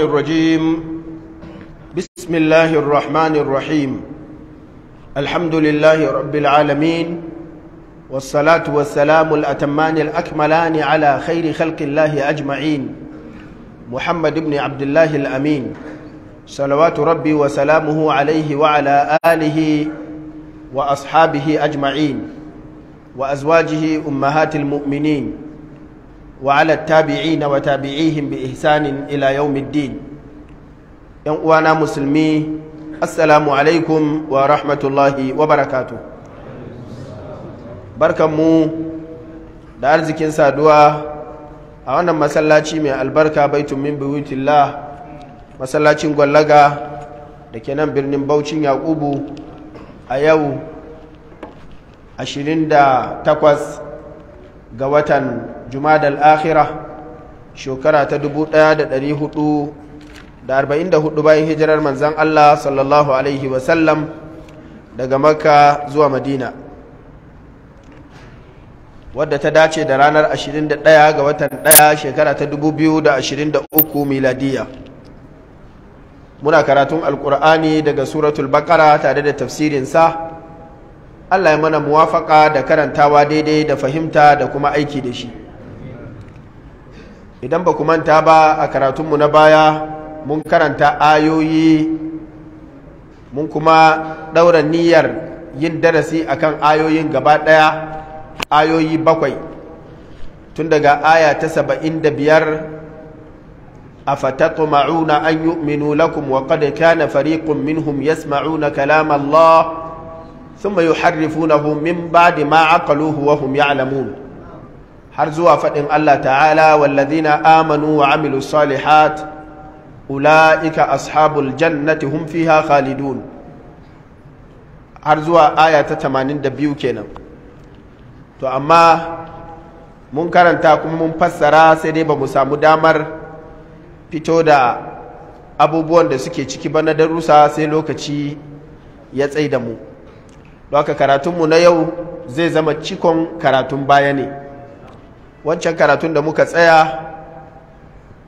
الرجيم بسم الله الرحمن الرحيم الحمد لله رب العالمين والصلاة والسلام الأتمان الأكملان على خير خلق الله أجمعين محمد بن عبد الله الأمين صلوات ربي وسلامه عليه وعلى آله وأصحابه أجمعين وأزواجه أمهات المؤمنين وعلى التابعين وتابعيهم بإحسان إلى يوم الدين ينقوانا مسلمي السلام عليكم ورحمة الله وبركاته بركة مو da arzikin saduwa a wannan masallaci mai albarka baitun min buyutillah masallacin gwallaga da ke nan birnin baucin yakubu a yau takwas ga watan jumadal akhira shekara ta 1444 bayan hijirar manzan Allah sallallahu alaihi wasallam daga Maka zuwa madina wadda ta dace da ranar 21 ga watan 1 shekara ta 2023 miladiya muna karatun Alƙur'ani daga suratul bakara tare da tafsirinsa Allah ya mana muwafaka da karantawa daidai da fahimta da kuma aiki da shi idan ba ku manta ba a karatunmu na baya mun karanta ayoyi mun kuma ɗaura niyyar yin darasi akan ayoyin gaba ɗaya ayoyi bakwai tun daga aya ta saba'in da biyar a fatattu ma'una an yi minu lakum wa kada kyana fariƙun minhum ya sma'una kalam Allah sun mayu harrifu na hu min ba da ma'akaluhu wa hum ya alamunu har zuwa faɗin Allah ta'ala walladina amanu wa amilu salihat ula'ika ashabul jannati hum fiha khalidun har zuwa aya ta tamanin da biyu kenan to amma mun karanta kuma mun fassara sai dai ba mu samu damar fito da abubuwan da suke ciki ba na darussa sai lokaci ya tsai da mu don karatunmu na yau zai zama cikon karatun baya ne wancan karatun da muka tsaya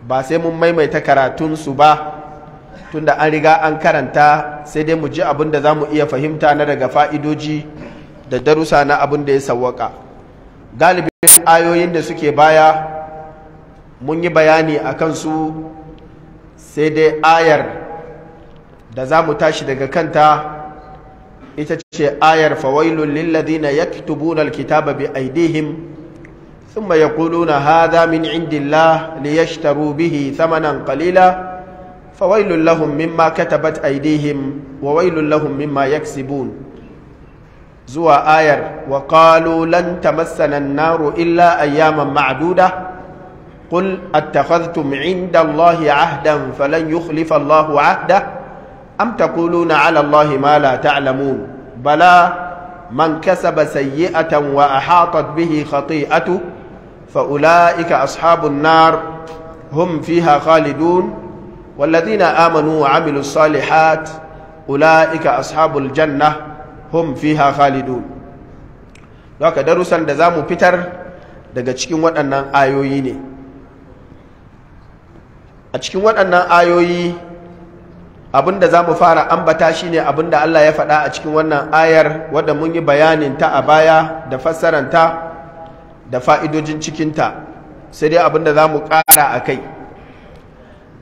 ba sai mun maimaita karatunsu ba tunda an riga an karanta sai dai mu ji abin da za mu iya fahimta na daga fa'idoji da darusa na abin da ya sawwaka galibin ayoyin da suke baya mun yi bayani a kansu sai dai ayar da za mu tashi daga kanta ita ce ayar fawailun lillazina yaktubuna alkitaba bi aidihim ثم يقولون هذا من عند الله ليشتروا به ثمنا قليلا فويل لهم مما كتبت أيديهم وويل لهم مما يكسبون زوى آير وقالوا لن تمسنا النار إلا أياما معدودة قل أتخذتم عند الله عهدا فلن يخلف الله عهده أم تقولون على الله ما لا تعلمون بلى من كسب سيئة وأحاطت به خطيئته فأولئك أصحاب النار هم فيها خالدون والذين آمنوا وعملوا الصالحات أولئك أصحاب الجنة هم فيها خالدون لك درسا دزام بيتر daga cikin waɗannan ayoyi ne a cikin waɗannan ayoyi abinda za mu fara ambata shine abinda Allah ya faɗa a cikin wannan ayar wadda mun yi bayanin ta a baya da fassaranta da fa'idojin cikinta sai dai abinda za mu ƙara a kai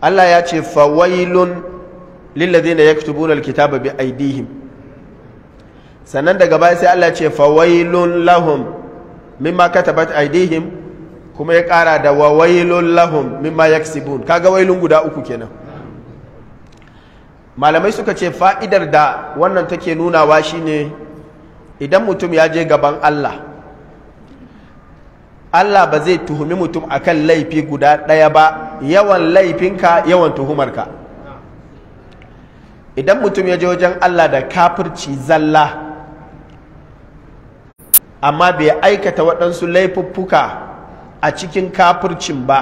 Allah ya ce fawailun lillazina yaktubuna alkitaba bi aidihim sannan daga baya sai Allah ya ce fawailun lahum mimma katabat aidihim kuma ya ƙara da wawailun lahum mimma Ka kaga wailun guda uku kenan malamai suka ce fa'idar da wannan take nunawa shine idan mutum ya je gaban Allah Allah ba zai tuhumi mutum akan laifi guda ɗaya ba yawan laifinka yawan tuhumarka idan mutum ya je wajen Allah da kafirci zalla amma bai aikata waɗansu laifuffuka a cikin kafircin ba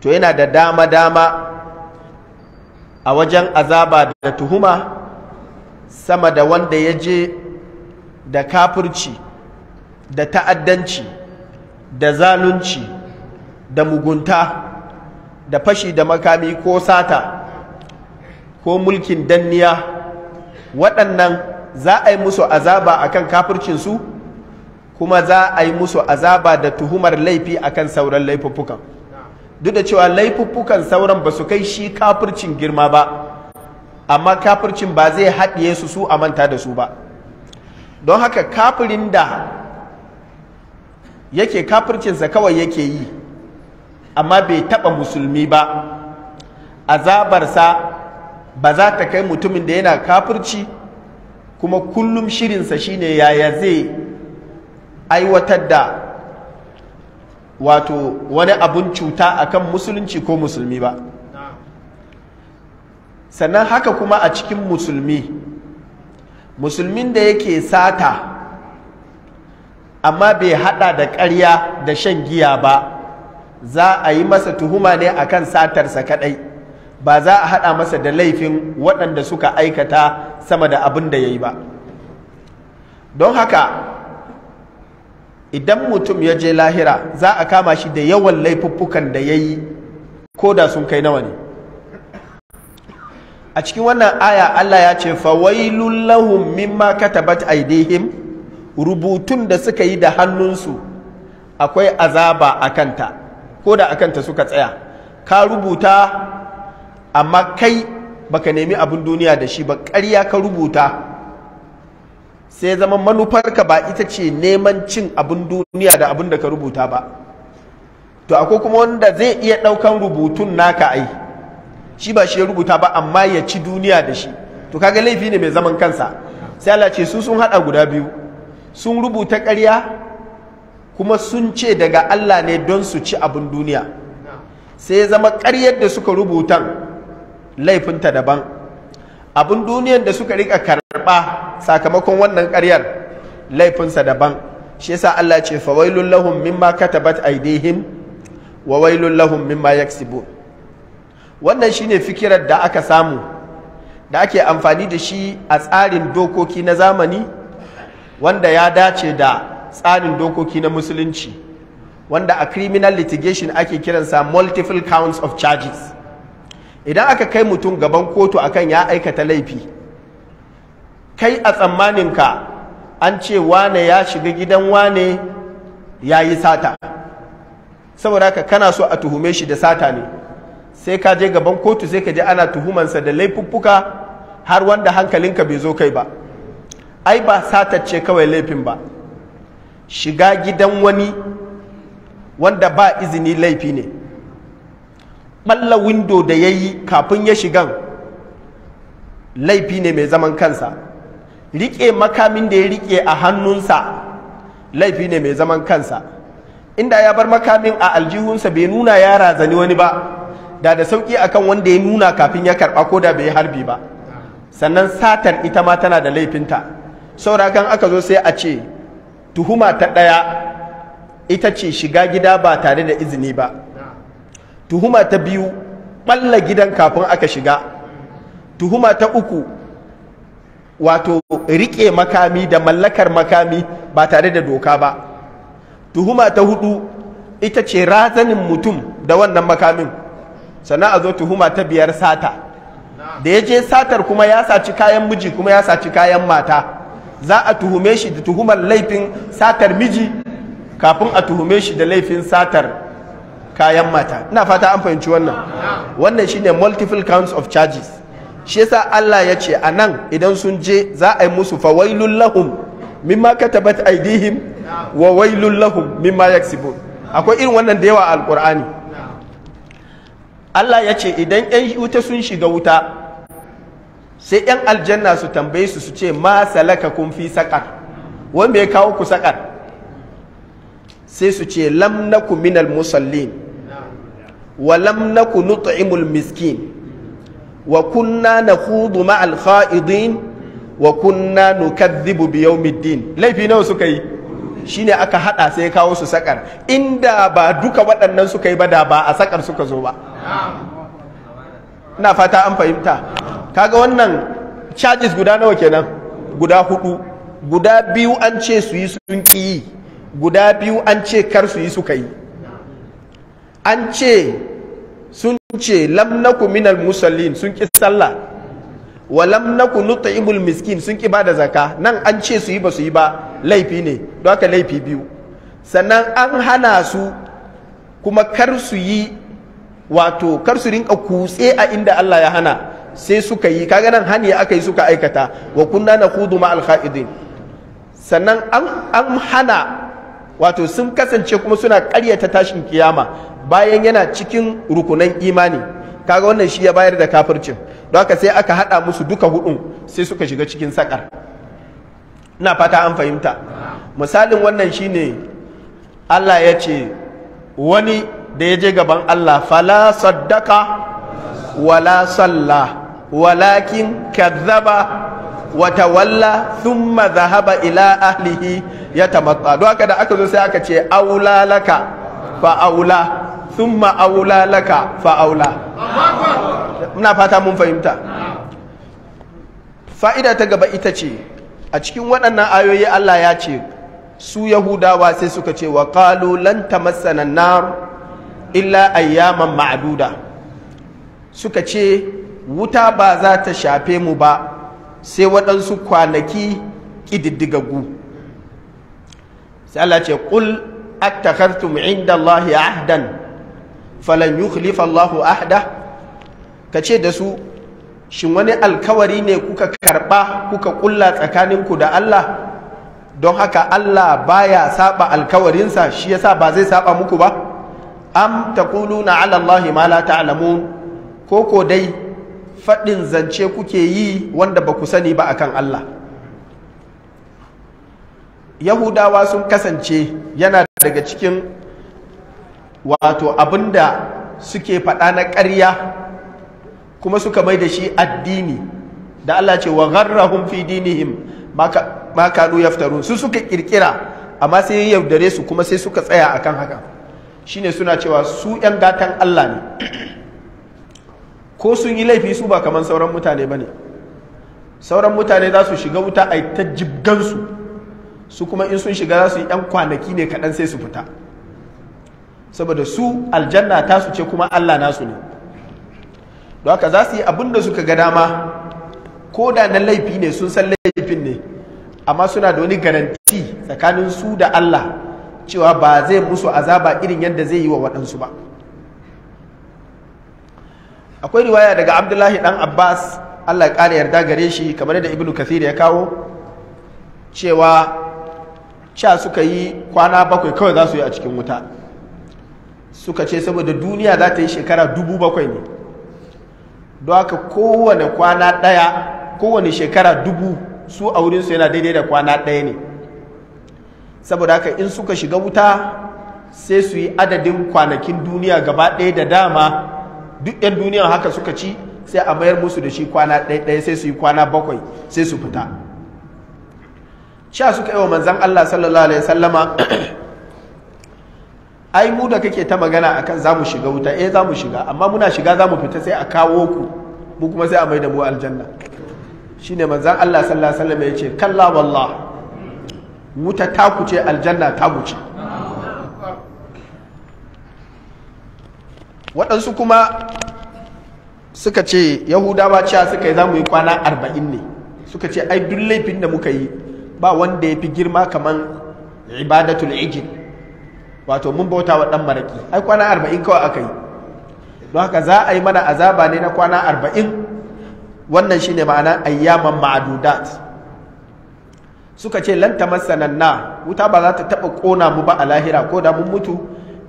to yana da dama-dama a wajen azaba da tuhuma sama da wanda ya je da kafirci da ta'addanci da zalunci da mugunta da fashi da makami ko sata ko mulkin danniya waɗannan za a yi musu azaba akan kafircinsu kuma za a yi musu azaba da tuhumar laifi akan sauran laifuffukan duk da cewa laifuffukan sauran ba su kai shi kafircin girma ba amma kafircin ba zai haɗiye su su a manta da su ba don haka kafirin da yake kafircinsa kawai yake yi amma bai taɓa musulmi ba azabarsa ba za ta kai mutumin da yana kafirci kuma kullum shirinsa shine yaya zai aiwatar da wato wani abun cuta akan musulunci ko musulmi ba sannan haka kuma a cikin musulmi musulmin da yake sata amma bai hada da ƙarya da shan giya ba za a yi masa tuhuma ne a kan satarsa kadai ba za a hada masa da laifin waɗanda suka aikata sama da abin da ya yi ba don haka idan mutum ya je lahira za a kama shi da yawan laifuffukan da ya yi ko da sun kai nawa ne a cikin wannan aya allah ya ce fawailun lahum mimma katabat aidihim rubutun da suka yi da hannunsu akwai azaba a kanta ko da a kanta suka tsaya ka rubuta amma kai baka nemi abin duniya da shi ba ƙarya ka rubuta sai zama manufarka ba ita ce neman cin abin duniya da abin da ka rubuta ba to akwai kuma wanda zai iya ɗaukan rubutun naka ai shi ba shi ya rubuta ba amma ya ci duniya da shi to kaga laifi ne mai zaman kansa sai Allah ce su sun haɗa guda biyu sun rubuta ƙarya kuma sun ce daga Allah ne don su ci abin duniya sai ya zama ƙaryar da suka rubutan laifinta daban abin duniyar da suka rika karɓa sakamakon wannan ƙaryar laifinsa daban shi yasa Allah ce fa wailul lahum mimma katabat aidihim wa wailul lahum mimma yaksibun wannan shine fikirar da aka samu da ake amfani da shi a tsarin dokoki na zamani wanda ya dace da tsarin dokoki na musulunci wanda a criminal litigation ake kiransa multiple counts of charges idan aka kai mutum gaban kotu akan ya aikata laifi kai a tsammaninka an ce wane ya shiga gidan wane ya yi sata saboda ka kana so a tuhume shi da sata ne sai ka je gaban kotu sai ka je ana tuhumansa da laifuffuka har wanda hankalinka bai zo kai ba ai ba satacce kawai laifin ba shiga gidan wani wanda ba izini laifi ne ɓalla windo da ya yi kafin ya shigan laifi ne mai zaman kansa riƙe makamin da ya riƙe a hannunsa laifi ne mai zaman kansa inda ya bar makamin a aljihunsa bai nuna ya razani wani ba da da sauƙi akan wanda ya nuna kafin ya karɓa ko da bai harbi ba sannan satar ita ma tana da laifinta saurakan aka zo sai a ce tuhuma ta ɗaya ita ce shiga gida ba tare da izini ba tuhuma ta biyu ɓalla gidan kafin aka shiga tuhuma ta uku wato riƙe makami da mallakar makami ba tare da doka ba tuhuma ta hudu ita ce razanin mutum da wannan makamin sannan a zo tuhuma ta biyar sata da ya je satar kuma ya saci kayan miji kuma ya saci kayan mata za a tuhume shi da tuhumar laifin satar miji kafin a tuhume shi da laifin satar kayan mata ina fata an fahimci wannan wannan shine multiple counts of charges shi yasa Allah ya ce a nan idan sun je za a yi musu fawailun lahum mimma katabat aidihim wa wailun lahum mimma yaksibun akwai irin wannan da yawa a alqur'ani Allah ya ce idan 'yan wuta sun shiga wuta sai yan aljanna su tambaye su su ce ma salaka kun fi sakar wanda ya kawo ku sakar sai su ce lam ku minal musallin wa lam nuta nut'imul miskin wa kunna na hudu ma'al kha'idin wa kunna nukadhibu bi yawmiddin laifi nawa suka yi shine aka hada sai kawo su sakar inda ba duka waɗannan suka yi ba da ba a sakar suka zo ba ina fata an fahimta kaga wannan charges guda nawa kenan guda hudu guda biyu an ce su yi sun yi guda biyu an ce kar su yi suka yi an ce sun ce lamnaku minal musallin sun ki sallah wa lamnaku naku miskin sun ki bada zaka nan an ce su yi ba su yi ba laifi ne don haka laifi biyu sannan an hana su kuma kar su yi wato kar su rinka kutse a inda Allah ya hana sai suka yi kaga nan hani aka yi suka aikata wa kunna nakhudu ma al sannan an hana wato sun kasance kuma suna karyata tashin kiyama bayan yana cikin rukunan imani kaga wannan shi ya bayar da kafircin don haka sai aka haɗa musu duka hudun sai suka shiga cikin sakar ina fata an fahimta misalin wannan shine Allah ya ce wani da ya je gaban Allah fala saddaka wala sallah walakin kazzaba wa tawalla thumma zahaba ila ahlihi yatamatta don haka da aka zo sai aka ce aula laka fa aula thumma aula laka fa aula muna fata mun fahimta fa'ida ta gaba ita ce a cikin waɗannan ayoyi Allah ya ce su yahudawa sai suka ce wa qalu lan tamassana nar illa ayyaman ma'duda suka ce wuta ba za ta shafe mu ba sai waɗansu kwanaki ƙididdigaggu sai Allah ce ƙul attakhartum inda Allah ahdan falan yukhlifa lahu ahda ka ce da su shin wani alkawari ne kuka karɓa kuka ƙulla tsakaninku da Allah don haka Allah baya saba alkawarinsa shi yasa ba zai saba muku ba am taquluna ala Allah ma la ta'lamun ko dai faɗin zance kuke yi wanda ba ku sani ba akan Allah yahudawa sun kasance yana daga cikin wato abinda suke faɗa na ƙarya kuma suka mai da shi addini da Allah ce wa gharrahum fi dinihim ma kanu yaftarun su suka kirkira amma sai ya yaudare su kuma sai suka tsaya akan haka shine suna cewa su 'yan gatan Allah ne ko sun yi laifi su ba kamar sauran mutane ba ne sauran mutane za su shiga wuta a ta jibgansu su kuma in sun shiga za su yi 'yan kwanaki ne kaɗan sai su fita saboda su aljanna ta su ce kuma allah nasu ne don haka za su yi abin da suka ga dama ko da na laifi ne sun san laifin ne amma suna da wani garanti tsakanin su da allah cewa ba zai musu azaba irin yadda zai yi wa waɗansu ba akwai riwaya daga abdullahi dan abbas allah ya yarda gare shi kamar da ibnu kathir ya kawo cewa cha suka yi kwana bakwai kawai za su yi a cikin wuta suka ce saboda duniya za ta yi shekara dubu bakwai ne don haka kowane kwana ɗaya kowane shekara dubu su a wurinsu yana daidai da kwana ɗaya ne saboda haka in suka shiga wuta sai su yi adadin kwanakin duniya gaba ɗaya da dama duk 'yan duniyan haka suka ci sai a mayar musu da shi kwana ɗaya sai su yi kwana bakwai sai su fita sha suka yi wa manzan Allah sallallahu alaihi sallama ai mu da kake ta magana akan za mu shiga wuta eh za mu shiga amma muna shiga za mu fita sai a kawo ku mu kuma sai a mai da mu aljanna Shi ne manzan Allah sallallahu alaihi sallama ya ce kalla wallah wuta ta kuce aljanna ta kuce waɗansu kuma suka ce yahudawa cewa suka yi za mu yi kwana arba'in ne suka ce ai duk laifin da muka yi ba wanda ya fi girma kamar ibadatul ijin wato mun bauta wa ɗan maraƙi ai kwana arba'in kawai aka yi don haka za a yi mana azaba ne na kwana arba'in wannan shine ma'ana ayyaman ma'adudat suka ce lan tamassanan na wuta ba za ta taɓa ƙona mu ba a lahira ko da mun mutu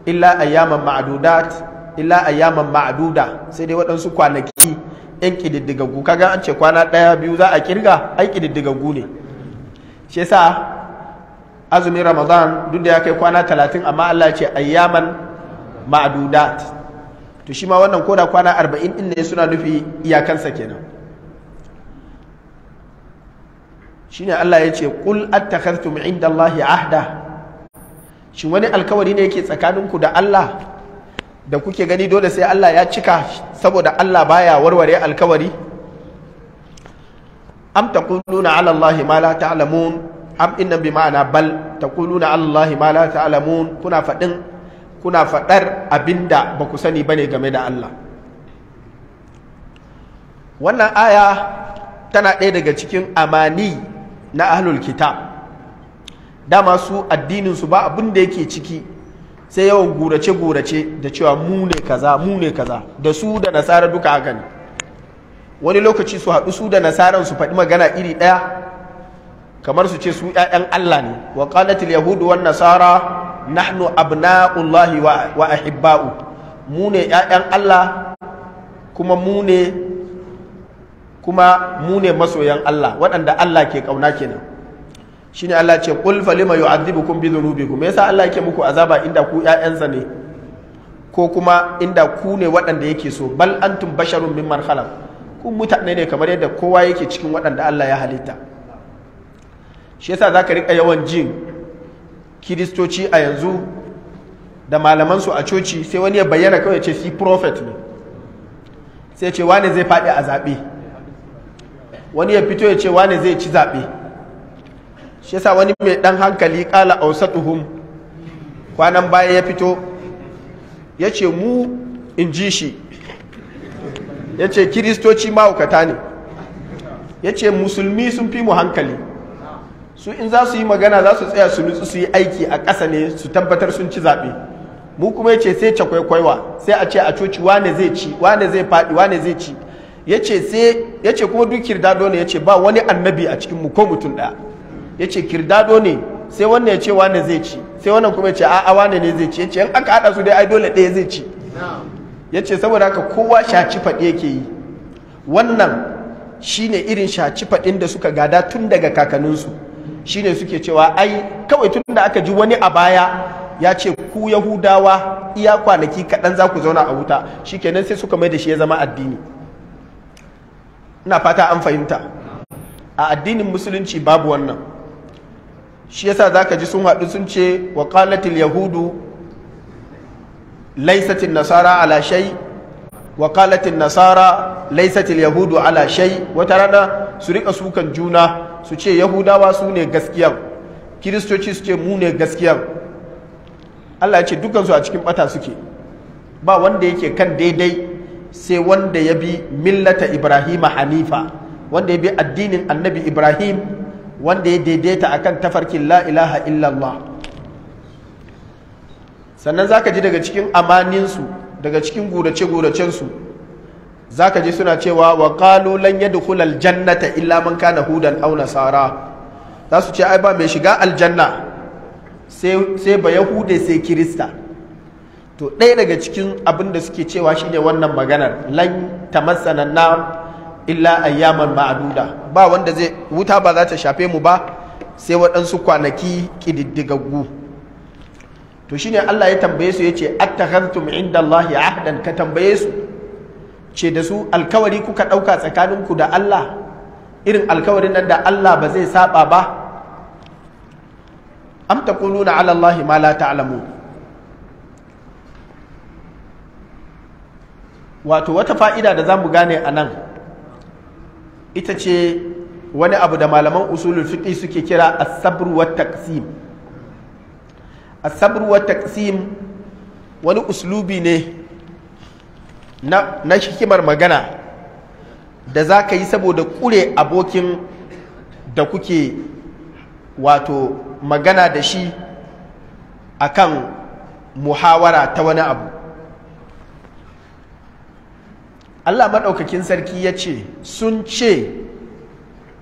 illa ayyaman ma'adudat illa ayyaman ma'aduda sai dai waɗansu kwanaki yan ƙididdigaggu kaga an ce kwana ɗaya biyu za a kirga ai ƙididdigaggu ne shi yasa azumin ramadan duk da ya kai kwana talatin amma allah ce ayyaman ma'aduda. to shi ma wannan koda kwana arba'in ɗin ne suna nufi iyakansa kenan ne Allah ya ce ƙul attakhadhtum inda Allahi ahda shin wani alkawari ne yake tsakaninku da Allah da kuke gani dole sai Allah ya cika saboda Allah baya warware alkawari am taquluna ala Allah ma la ta'lamun am inna bi ma'ana bal taquluna ala Allah ma la ta'lamun kuna fadin kuna fadar abinda ba ku sani bane game da Allah wannan aya tana ɗaya daga cikin amani na ahlul kitab dama su addinin su ba abin da yake ciki sai yawan gurace gurace da cewa mu ne kaza mu kaza da su da nasara duka haka ne wani lokaci su haɗu su da nasaran su faɗi magana iri ɗaya kamar su ce su ‘ya'yan Allah ne wa qalatil yahudu wa nasara nahnu abna'ullahi wa ahibba'u mu ne ‘ya'yan Allah kuma mu kuma mu ne masoyan Allah waɗanda Allah ke ƙauna kenan Shin Allah ce qul falima bukun bi dhunubikum me yasa Allah yake muku azaba inda ku ‘ya’yansa ne ko kuma inda ku ne waɗanda yake so bal an tun basharun mimman marhala ku mutane ne kamar yadda kowa yake cikin waɗanda Allah ya halitta shi yasa za ka riƙa yawan jin kiristoci a yanzu da malamansu a coci sai wani ya bayyana kawai ce si prophet ne sai ce wane zai faɗi a zaɓe wani ya fito ya ce wane zai ci zaɓe shi yasa wani mai dan hankali kala ausatuhum kwanan baya ya fito ya ce mu in ji shi ya ce kiristoci mahaukata ne ya ce musulmi sun fi mu hankali su in za su yi magana za su tsaya su nutsu su yi aiki a ƙasa ne su tabbatar sun ci zaɓe mu kuma ya ce sai ce kwaikwaiwa sai a ce a coci wane zai ci wane zai faɗi wane zai ci ya ce kuma duk dado ne ya ce ba wani annabi a cikin mu ko mutum ɗaya ya ce kirdado ne sai wannan ya ce wane zai ci sai wannan kuma ya ce a'a wane ne zai ci ya ce in aka haɗa su dai ai dole ɗaya zai ci ya ce saboda haka kowa shaci faɗi yake yi wannan shine irin shaci faɗin da suka gada tun daga kakanninsu shine suke cewa ai kawai tun da aka ji wani a baya ya ce ku yahudawa iya kwanaki kaɗan za ku zauna a wuta shi kenan sai suka mai da shi ya zama addini ina fata an fahimta a addinin musulunci babu wannan shi yasa zaka ji sun haɗu sun ce wa qalatil yahudu laisatin nasara ala shai wa qalatil nasara laisatil yahudu ala Shai. wata rana su rika sukan juna su ce yahudawa su ne gaskiyan kiristoci su ce mu ne gaskiyan Allah ce dukansu a cikin bata suke ba wanda yake kan daidai sai wanda ya bi millata Ibrahim hanifa wanda ya bi addinin annabi ibrahim wanda ya daidaita akan tafarkin la'ilaha ilaha illallah sannan zaka ji daga cikin amaninsu daga cikin gurace-guracensu zaka ji suna cewa wa qalu lan yadkhul aljannata illa man kana hudan aw nasara za su ce ai ba mai shiga aljanna sai ba yahude sai kirista to ɗaya daga cikin abin da suke cewa shine wannan maganar lan tamassana na illa ayyaman ma'aduda ba wanda zai wuta ba za ta shafe mu ba sai waɗansu kwanaki ƙididdigaggu to shine Allah ya tambaye su yace attakhadhtum inda Allah ahdan ka tambaye su ce da su alkawari kuka ɗauka tsakaninku da Allah irin alkawarin nan da Allah ba zai saba ba am taquluna ala Allah ma la wato wata fa'ida da zamu gane a nan ita ce wani abu da malaman usulul fiqi suke kira as-sabr wa taqsim as-sabr wani uslubi ne na, na hikimar magana da za ka yi saboda ƙure abokin da kuke wato magana da shi akan muhawara ta wani abu Allah maɗaukakin sarki ya ce sun ce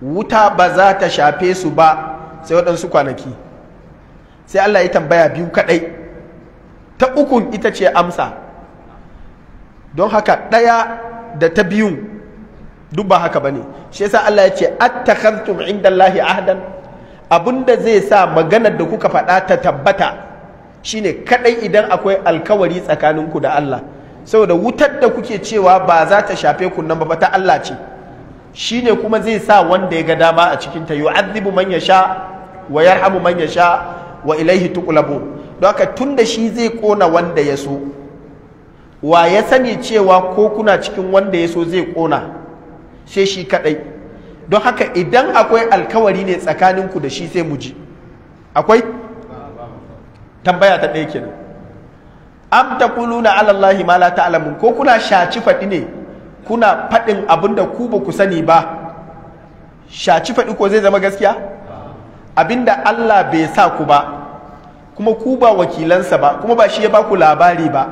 wuta ba za ta shafe su ba sai waɗansu kwanaki sai Allah ya tambaya biyu kaɗai ta ukun ita ce amsa don haka ɗaya da ta biyun duk ba haka ba ne shi yasa Allah ya ce attakhartum inda Allahi ahdan abinda zai sa maganar da kuka faɗa ta tabbata shine kaɗai idan akwai alkawari tsakaninku da Allah saboda wutar da kuke cewa ba za ta shafe ku nan ba ta Allah ce shi ne kuma zai sa wanda ya ga dama a cikin ta yu'adhibu man yasha wa yarhamu man yasha wa ilaihi tuqlabu don haka da shi zai kona wanda ya so wa ya sani cewa ko kuna cikin wanda ya so zai kona sai shi kadai don haka idan akwai alkawari ne tsakaninku da shi sai mu ji akwai tambaya ta ɗaya kenan am kulu na allahi ma la ta'lamun ko kuna shaci faɗi ne kuna faɗin abinda ku ba ku sani ba shaci faɗi ko zai zama gaskiya abinda Allah bai sa ku ba kuma ku ba wakilansa ba kuma ba shi ya ba ku labari ba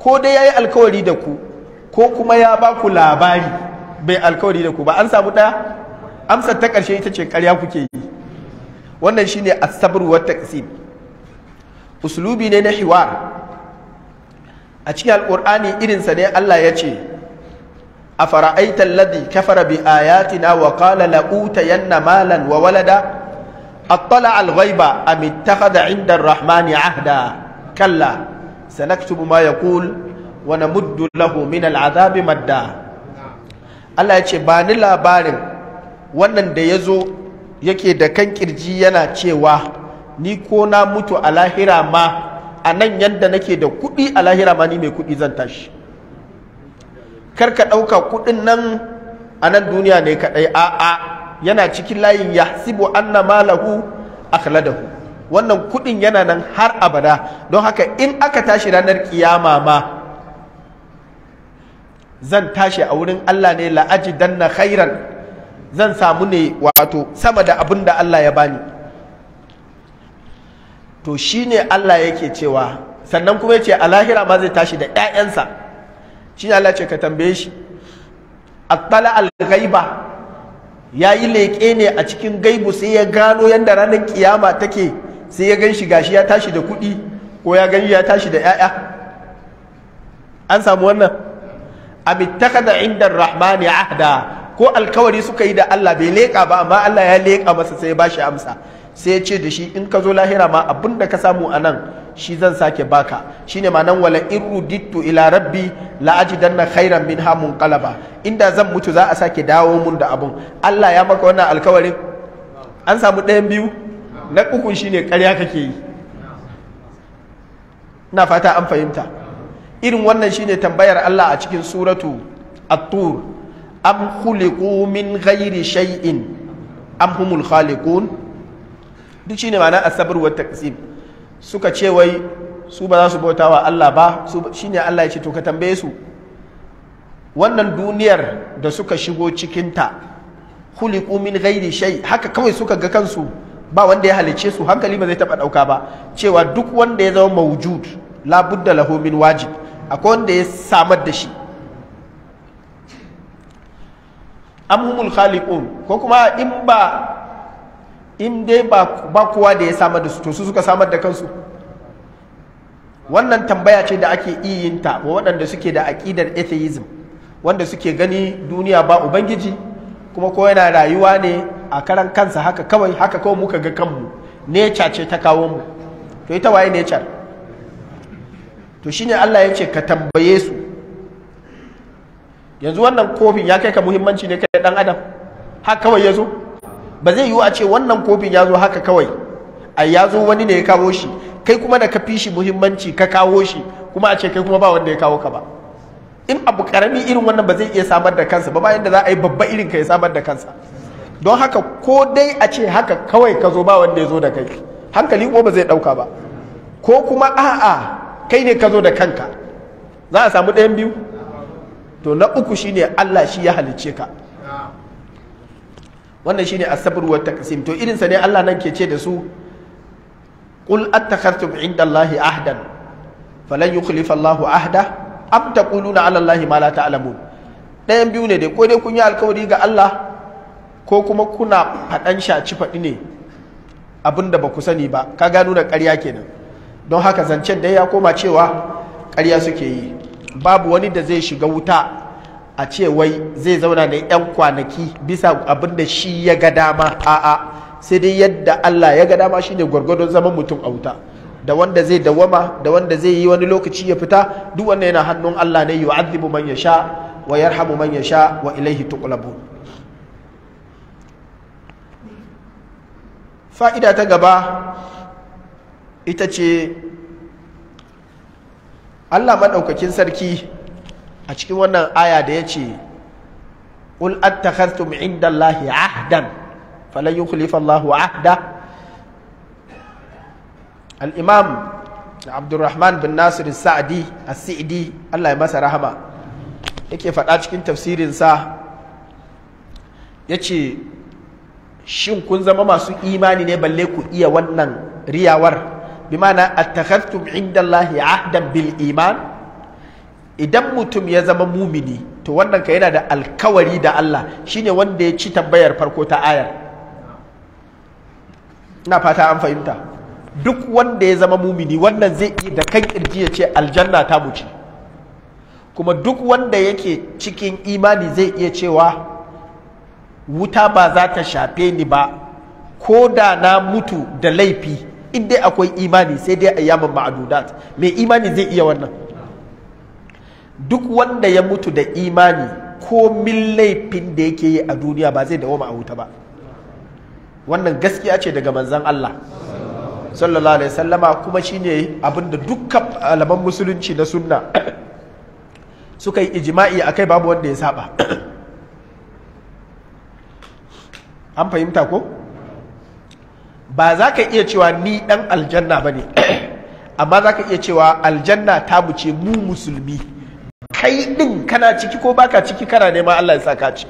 ko dai yayi alkawari da ku ko kuma ya ba ku labari bai alkawari da ku ba an samu ɗaya Amsa ta ƙarshe ita ce karya kuke yi wannan shine as-sabr wa taqsim uslubi ne na hiwar a cikin alƙur'ani irinsa ne Allah ya ce a fara'aitan ladi kafara bi ayatina wa qala la'uta yanna malan wa walada اطلع الغيب ام اتخذ عند الرحمن عهدا كلا سنكتب ما يقول ونمد له من العذاب madda. Allah ya ce ba ni labarin wannan da ya zo yake da kan kirji yana cewa ni ko na mutu a lahira ma a nan yadda nake da kuɗi a lahira ma ni mai kuɗi zan tashi kar ka ɗauka kuɗin nan a nan duniya ne kaɗai a'a yana cikin layin ya sibo anna malahu akhladahu wannan kuɗin yana nan har abada don haka in aka tashi ranar kiyama ma zan tashi a wurin Allah ne la'ajidanna khairan zan samu ne wato sama da abin da Allah ya bani to shi ne Allah yake cewa sannan kuma yace a lahira ma zai tashi da 'ya'yansa? ne Allah ce ka tambaye shi attala al ya yi leƙe ne a cikin gaibu sai ya gano yadda ranar kiyama take sai ya ganshi gashi ya tashi da kuɗi ko ya gan ya tashi da 'ya'ya? an samu wannan amittakada inda rahmani ahda ko alkawari suka yi da Allah bai leƙa ba amma Allah ya leƙa masa sai ya shi amsa sai ya ce da shi in ka zo lahira ma abinda ka samu a nan shi zan sake baka shine ma nan wala in rudittu ila rabbi la na khairan min hamun kalaba inda zan mutu za a sake dawo mun da abun Allah ya maka wannan alkawarin an samu ɗayan biyu na uku shine ƙarya kake yi ina fata an fahimta irin wannan shine tambayar Allah a cikin suratu at-tur am khuliqu min ghairi shay'in am humul khaliqun duk shi shine ma'ana asabar wata taqsim suka ce wai su ba za su bauta wa Allah ba su ne Allah ya ce to ka tambaye su wannan duniyar da suka shigo cikinta ta min shai shai haka kawai suka ga kansu ba wanda ya halice su hankali ba zai taba ɗauka ba cewa duk wanda ya zama mawujud labudda laho min wajib akwai wanda ya samar da shi amhumul khaliqun ko kuma in ba in dai ba kowa da ya samar da su to su suka samar da kansu wannan tambaya ce da ake iyinta wa waɗanda suke da aƙidar atheism wanda suke gani duniya ba ubangiji kuma ko yana rayuwa ne a karan kansa haka kawai haka kawai muka ga kanmu nature ce ta kawo mu to ita waye nature to shine Allah ya ce ka tambaye su yanzu wannan kofin ya kai ka muhimmanci ne kai dan adam haka kawai ya zo ba zai yiwu a ce wannan kofin ya zo haka kawai a ya zo wani ne ya kawo shi kai kuma da ka fi shi muhimmanci ka kawo shi kuma a ce kai kuma ba wanda ya kawo ka ba in abu karami irin wannan ba zai iya samar da kansa ba bayan da za a yi babba irin ka ya samar da kansa don haka ko dai a ce haka kawai ka zo ba wanda ya zo da kai hankali ko ba zai ɗauka ba ko kuma a'a kai ne ka zo da kanka za a samu ɗayan biyu to na uku shine Allah shi ya halicce ka wannan shine as-sabr wa taqsim to irin sa ne Allah nan ke ce da su qul inda Allahi ahdan falan yukhlifa Allahu ahda am taquluna ala Allahi ma la ta'lamun ɗayan biyu ne dai ko dai kun yi alkawari ga Allah ko kuma kuna faɗan ci faɗi ne Abinda ba ku sani ba ka gano da ƙarya kenan don haka zancen da ya koma cewa ƙarya suke yi babu wani da zai shiga wuta a ce wai zai zauna da 'yan kwanaki bisa abin da shi ya ga dama a'a sai dai yadda Allah ya ga dama shine gwargwadon zaman mutum a wuta da wanda zai dawama da wanda zai yi wani lokaci ya fita duk wannan yana hannun Allah ne yu'adhibu man yasha wa yarhamu man yasha wa ilaihi tuqlabun fa'ida ta gaba ita ce Allah maɗaukakin sarki a cikin wannan aya da ya ce ƙul attakhartum inda Allahi ahdan falan Allahu ahda al Abdurrahman bin Nasir sa'adi As-Sa'di Allah ya masa rahama yake faɗa cikin tafsirin sa yace shin kun zama masu imani ne balle ku iya wannan riyawar bimana attakhartum inda Allahi ahdan bil iman idan mutum ya zama mumini to wannan ka yana da alkawari da Allah shine wanda ya ci tambayar farko ta ayar ina fata an fahimta duk wanda ya zama mumini wannan zai yi da kan kirji ya ce aljanna ta muci kuma duk wanda yake cikin imani zai iya cewa wuta ba za ta shafe ni ba ko da na mutu da laifi in dai akwai imani sai dai ayyamin ma'adudat mai imani zai iya wannan duk wanda ya mutu da imani ko min laifin da yake yi a duniya ba zai dawo a wuta ba wannan gaskiya ce daga manzan Allah sallallahu alaihi sallama kuma shine abinda da dukkan alaman musulunci na sunna suka yi ijima'i akai babu wanda ya saba an fahimta ko ba za ka iya cewa ni dan aljanna ba ne amma za ka iya cewa aljanna ta buce mu musulmi kai din kana ciki ko baka ciki kana nema Allah ya sa ka ciki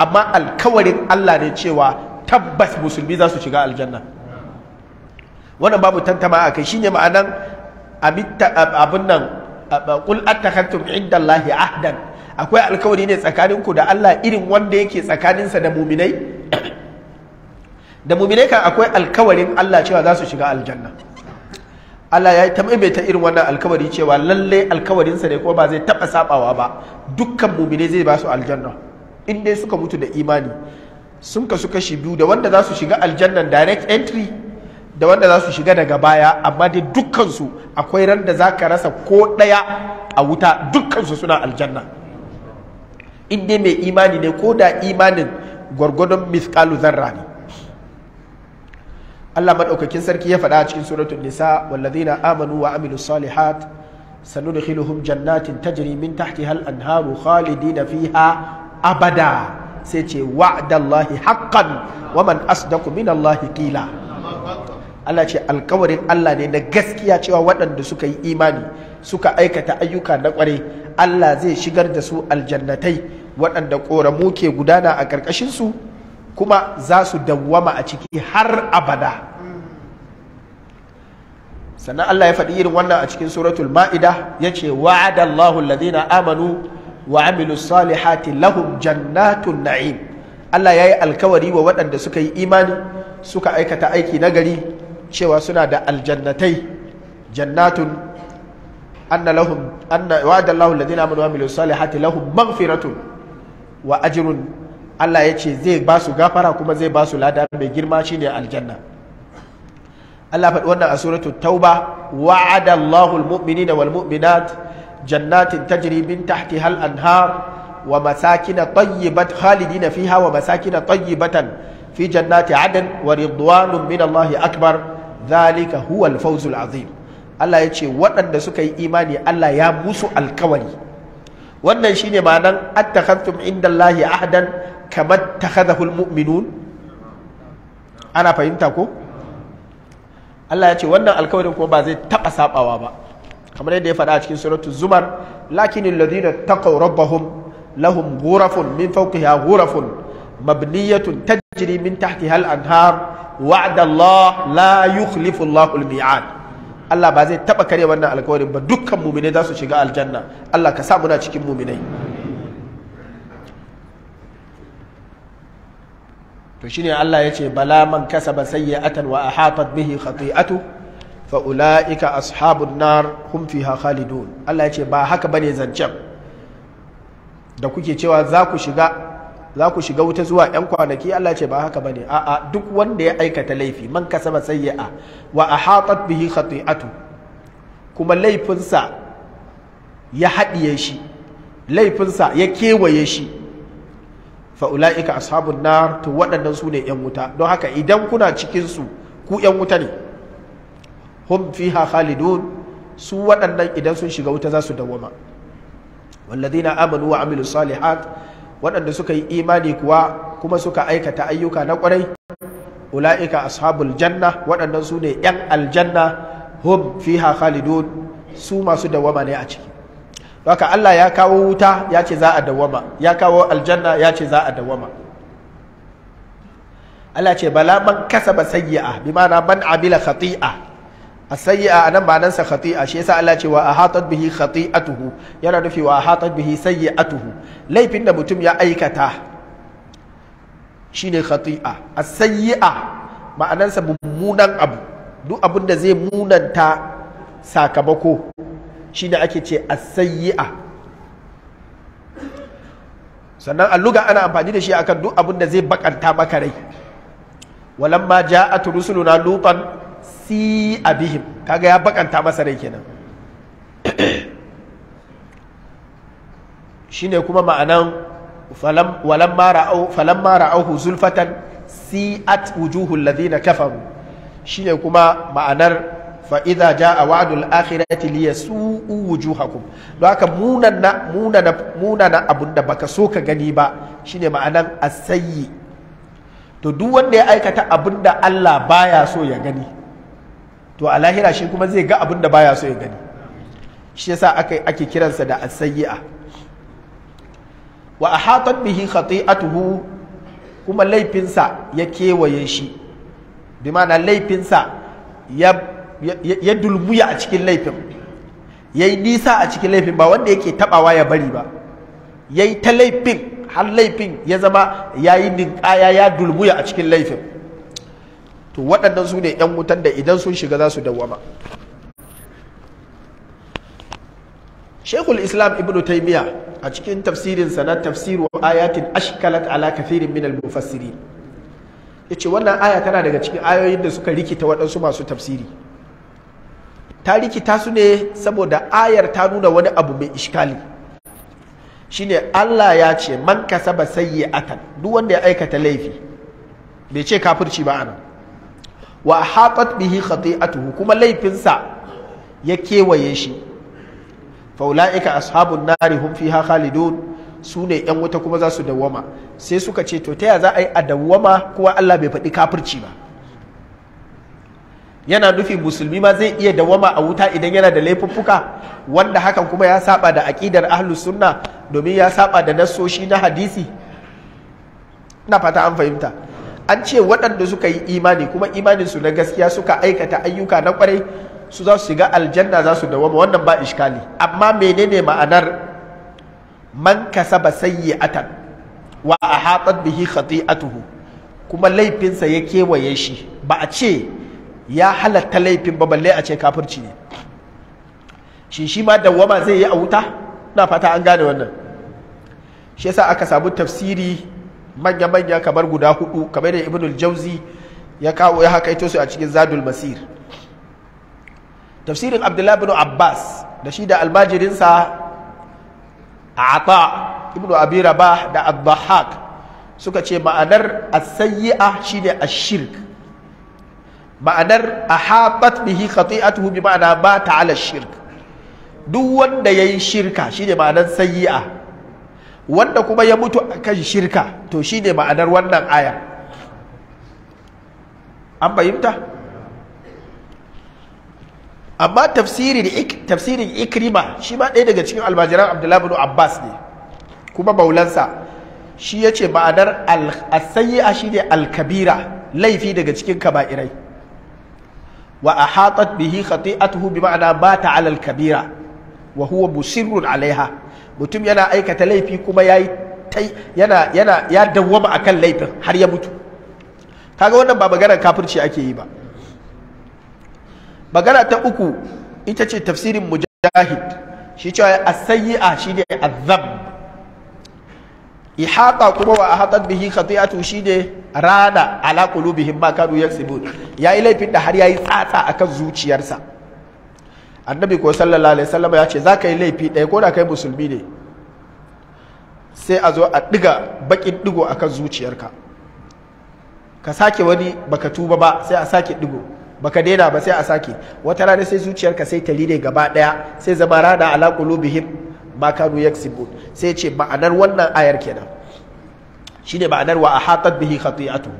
amma alkawarin Allah ne cewa tabbas musulmi za su shiga aljanna wannan babu tantama a kai shine ma'anan abin nan qul attakhadtum inda Allah ahdan akwai alkawari ne ku da Allah irin wanda yake tsakaninsa da muminai da muminai kan akwai alkawarin Allah cewa za su shiga aljanna Allah ya ta irin wannan alkawari cewa lalle alkawarinsa ne kuma ba zai taɓa sabawa ba dukkan mumine zai ba su aljanna in dai suka mutu da imani sun kasu kashi biyu da wanda za su shiga aljannan direct entry da wanda za su shiga daga baya amma dai dukkansu akwai ran da za ka rasa ko ɗaya a wuta dukkansu suna aljanna in dai mai imani ne ko da imanin gwargwadon miskalu zarra ne Allah madaukakin sarki ya faɗa cikin suratul nisa wallazina amanu wa amilu salihat sanudkhiluhum jannatin tajri min tahtiha al-anharu khalidina fiha abada sai ce wa'adallahi haqqan wa man asdaqu min Allah qila Allah ce alkawarin Allah ne na gaskiya cewa waɗanda suka yi imani suka aikata ayyuka na ƙware Allah zai shigar da su aljannatai waɗanda ƙoramu ke gudana a ƙarƙashinsu kuma za su dawwama a ciki har abada sannan Allah ya faɗi irin wannan a cikin suratul ma'ida ya ce wa'ada Allahu alladhina amanu wa amilu salihati lahum jannatun na'im Allah ya yi alkawari wa waɗanda suka yi imani suka aikata aiki nagari cewa suna da aljannatai jannatun anna lahum anna wa'ada Allahu alladhina amanu wa amilu salihati lahum maghfiratun wa ajrun Allah ya ce zai ba su gafara kuma zai ba su lada mai girma shine aljanna Allah faɗi wannan a suratul tauba wa'ada Allahu almu'minina wal mu'minat jannatin tajri min tahtiha al-anhar wa masakin tayyibat khalidina fiha wa masakina tayyibatan fi jannati adn wa ridwanun min Allahi akbar dhalika huwa al-fawz al-azim Allah ya ce waɗanda suka yi imani Allah ya musu alkawari wannan shine ma'anan attakhadtum indallahi ahdan kamar takhadahu almu'minun ana fahimta ko Allah ya ce wannan alkawarin kuma ba zai taɓa saɓawa ba kamar yadda ya faɗa cikin suratul zumar lakinin ladina taqaw rabbahum lahum ghurafun min fawqiha ghurafun mabniyatun tajri min tahtiha al-anhar wa'da Allah la yukhlifu Allahu al-mi'ad Allah ba zai taɓa kare wannan alkawarin ba dukkan mu'minai za su shiga aljanna Allah ka sa muna cikin mu'minai to shine Allah ya ce bala man kasaba sayyi'atan wa ahatat bihi khati'atu fa ulaika ashabun nar hum fiha khalidun Allah ya ce ba haka bane zancen da kuke cewa za ku shiga wuta zuwa yan kwanaki Allah ya ce ba haka bane a'a duk wanda ya aikata laifi man kasaba sayyi'a wa ahatat bihi khati'atu kuma laifinsa ya haɗiye shi laifinsa ya kewaye shi fa ula'ika ashabun na to waɗannan su ne 'yan wuta don haka idan kuna cikinsu ku 'yan wuta ne hum fiha khalidun su waɗannan idan sun shiga wuta za su dawwama walladina amanu wa amilu salihat waɗanda suka yi imani kuwa kuma suka aikata ayyuka na ƙwarai ula'ika ashabul janna waɗannan su ne 'yan aljanna hum khalidun su masu dawwama ne a ciki haka Allah ya kawo wuta ya ce za a dawama ya kawo aljanna ya ce za a dawama Allah ce bala man kasaba sayyi'a bi ma'ana man amila khati'a a sayyia anan nan sa khati'a shi yasa Allah ce wa ahatat bihi khati'atuhu yana nufi wa ahatat bihi sayyi'atuhu laifin da mutum ya aikata shine khati'a a sayyia ma'anar sa mummunan abu duk abin da zai munanta sakamako shi da ake ce a asayyi'a sannan alluga ana amfani da shi akan duk abin da zai bakanta maka rai Walan walamma ja'at rusuluna lutan si abihim kaga ya bakanta masa rai kenan shine kuma ma'anan falamma ra'auhu zulfatan at wujuhul ladina kafaru shine kuma ma'anar fa idza jaa wa'dul akhirati liyasu'u wujuhakum don haka munana munana munana abun baka so ka gani ba shine ma'anan asayyi to duk wanda ya aikata abun da Allah baya so ya gani to a lahira shi kuma zai ga abun da baya so ya gani shi yasa ake ake kiransa da asayyi'a wa ahatat bihi khati'atuhu kuma laifinsa ya kewaye shi bi laifinsa ya ya dulmuya a cikin laifin ya yi nisa a cikin laifin ba wanda yake tabawa ya bari ba ya yi ta laifin har laifin ya zama ya yi ninkaya ya dulmuya a cikin laifin to waɗannan su ne 'yan wutan da idan sun shiga za su dawwama shekul islam ibn taimiya a cikin tafsirin na tafsiru ayatin ashkalat ala kafirin min al-mufassirin yace wannan aya tana daga cikin ayoyin da suka rikita waɗansu masu tafsiri ta rikita su ne saboda ayar ta nuna wani abu mai ishkali shine Allah ya ce man kasaba sayyi'atan duk wanda ya aikata laifi bai ce kafirci ba anan wa hatat bihi khati'atuhu kuma laifinsa ya kewaye shi faulaika ashabun nari hum fiha khalidun su ne yan wuta kuma za su dawwama sai suka ce to ta ya za a yi a dawwama kuma Allah bai faɗi kafirci ba yana nufin musulmi ma zai iya dawama a wuta idan yana da laifuffuka wanda hakan kuma ya saba da aƙidar ahlus sunna domin ya saba da nassoshi na hadisi ina fata an fahimta an ce waɗanda suka yi imani kuma imanin su na gaskiya suka aikata ayyuka na kwarai su za su shiga aljanna za su dawama wannan ba ishkali amma menene ma'anar man kasaba sayyi'atan wa ahatat bihi khati'atuhu kuma laifinsa ya kewaye shi ba a ce ya halatta laifin ba balle a ce kafirci ne shi shi ma wama zai yi a wuta na fata an gane wannan shi yasa aka samu tafsiri manya-manya kamar guda hudu kamar da ibnul jauzi ya kawo ya haka ito su a cikin zadul masir tafsirin abdullahi bin abbas da shi da almajirinsa a ata Ibn abi rabah da abdahak suka ce ma'anar ne shine ashirk ma'anar a haɓat bihi khati'atuhu bi ma'ana ba ta ala shirk duk wanda ya yi shirka shi ma'anar sayi'a wanda kuma ya mutu a kan shirka to shi ne ma'anar wannan aya an fahimta amma tafsirin ikrima shi ma ɗaya daga cikin almajiran abdullahi bin abbas ne kuma baulansa shi ya ce ma'anar al-sayi'a shi ne alkabira laifi daga cikin kaba'irai wa ahatat bihi khati'atuhu bi ma'ana bata alal kabira wa huwa busirrun alaiha mutum yana aikata laifi kuma yayi yana yana ya dawwama akan laifin har ya mutu kaga wannan ba maganar kafirci ake yi ba magana ta uku ita ce tafsirin mujahid shi cewa as-sayyi'a shine azab ihata kuma wa ahatat bihi khati'atu shide rana ala qulubihim ma kanu yaksibun yayi laifin da har yayi tsatsa akan zuciyarsa annabi ko sallallahu alaihi wasallam ya ce zaka yi laifi ɗaya ko da kai musulmi ne sai a zo a diga bakin digo akan zuciyarka ka sake wani baka tuba ba sai a sake digo baka daina ba sai a sake wata rana sai zuciyarka sai ta lide gaba daya sai zama rana ala qulubihim ma kanu yaksibun sai ce ma'anar wannan ayar kenan shine ma'anar wa a ahatat bihi khati'atu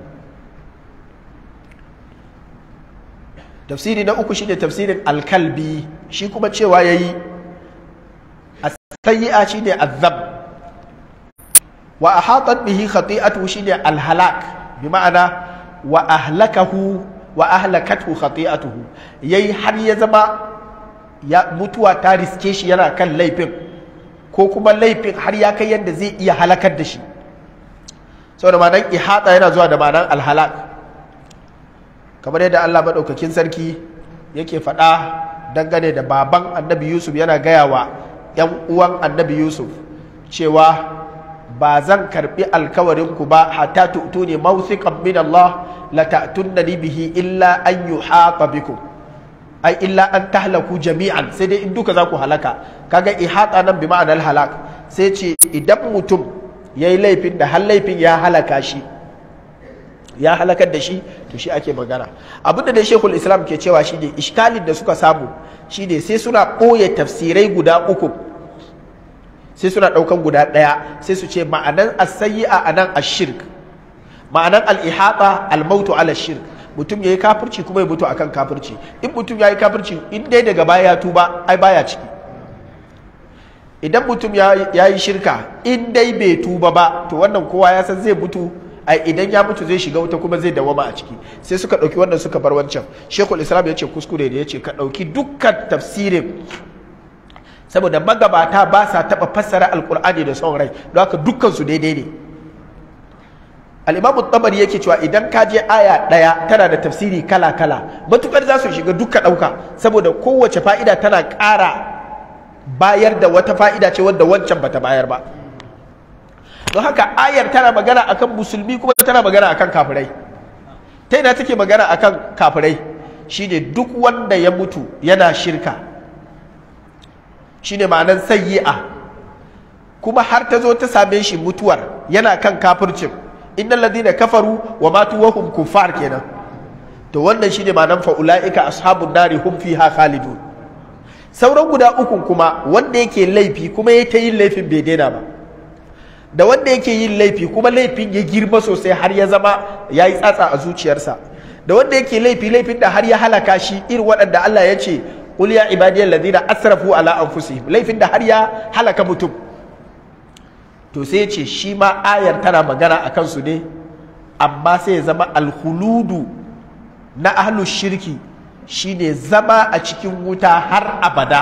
tafsiri na uku shine tafsirin alkalbi shi kuma cewa ya yayi as-sayyi'a shine azab wa a ahatat bihi khati'atu shine alhalak bi ma'ana wa ahlakahu wa ahlakathu khati'atuhu yayi har ya zama ya mutuwa ta riske shi yana kan laifin ko kuma laifin har ya kai yadda zai iya halakar da shi Sau da ma'anar ihata yana zuwa da ma'anar alhalak kamar yadda Allah maɗaukakin sarki yake faɗa dangane da baban annabi Yusuf yana gaya wa 'yan uwan annabi Yusuf cewa ba zan karɓi alkawarinku ba hatta tu'tuni mausikan min Allah la ni bihi illa an haƙa bikin ai illa an tahlaku jami'an sai dai in duka za ku halaka kaga ihata nan bi ma'anar halak sai ce idan mutum ya yi laifin da har laifin ya halaka shi ya halakar da shi to shi ake magana abin da dai shekul islam ke cewa shi ne da suka samu shi ne sai suna ɓoye tafsirai guda uku sai suna ɗaukan guda ɗaya sai su ce ma'anan asayi a anan ashirk ma'anan al'ihata almautu ala shirk mutum ya yi kafirci kuma ya mutu akan kafirci in mutum ya yi kafirci in dai daga baya ya tuba ai baya ciki idan mutum ya yi shirka in dai bai tuba ba to wannan kowa ya san zai mutu a idan ya mutu zai shiga wuta kuma zai dawama a ciki sai suka ɗauki wannan suka bar wancan shekul islam ya ce kuskure ne ya ce ka ɗauki dukkan tafsirin saboda magabata ba sa taɓa fassara alkur'ani da son rai don haka dukkansu daidai ne alimamu yake cewa idan ka je aya ɗaya tana da tafsiri kala kala matukar za su shiga duka ɗauka saboda kowace fa'ida tana kara bayar da wata fa'ida ce wadda wancan bata bayar ba don haka ayar tana magana akan musulmi kuma tana magana akan kafirai ta na take magana akan kafirai shine duk wanda ya mutu yana shirka shine ma'anan a kuma har ta zo ta same shi mutuwar yana kan kafircin innal ladina kafaru wa matu wa hum kufar kenan to wannan shine ma'anar fa ulaika ashabun nari hum fiha khalidun sauran guda uku kuma wanda yake laifi kuma ya yin laifin bai daina ba da wanda yake yin laifi kuma laifin ya girma sosai har ya zama ya yi tsatsa a zuciyarsa da wanda yake laifi laifin da har ya halaka shi irin waɗanda Allah ya ce qul ya ibadiyal ladina asrafu ala anfusihim laifin da har ya halaka mutum to sai ce shi ma ayar tana magana a kansu ne amma sai ya zama alhuludu na ahlus shirki shine zama a cikin wuta har abada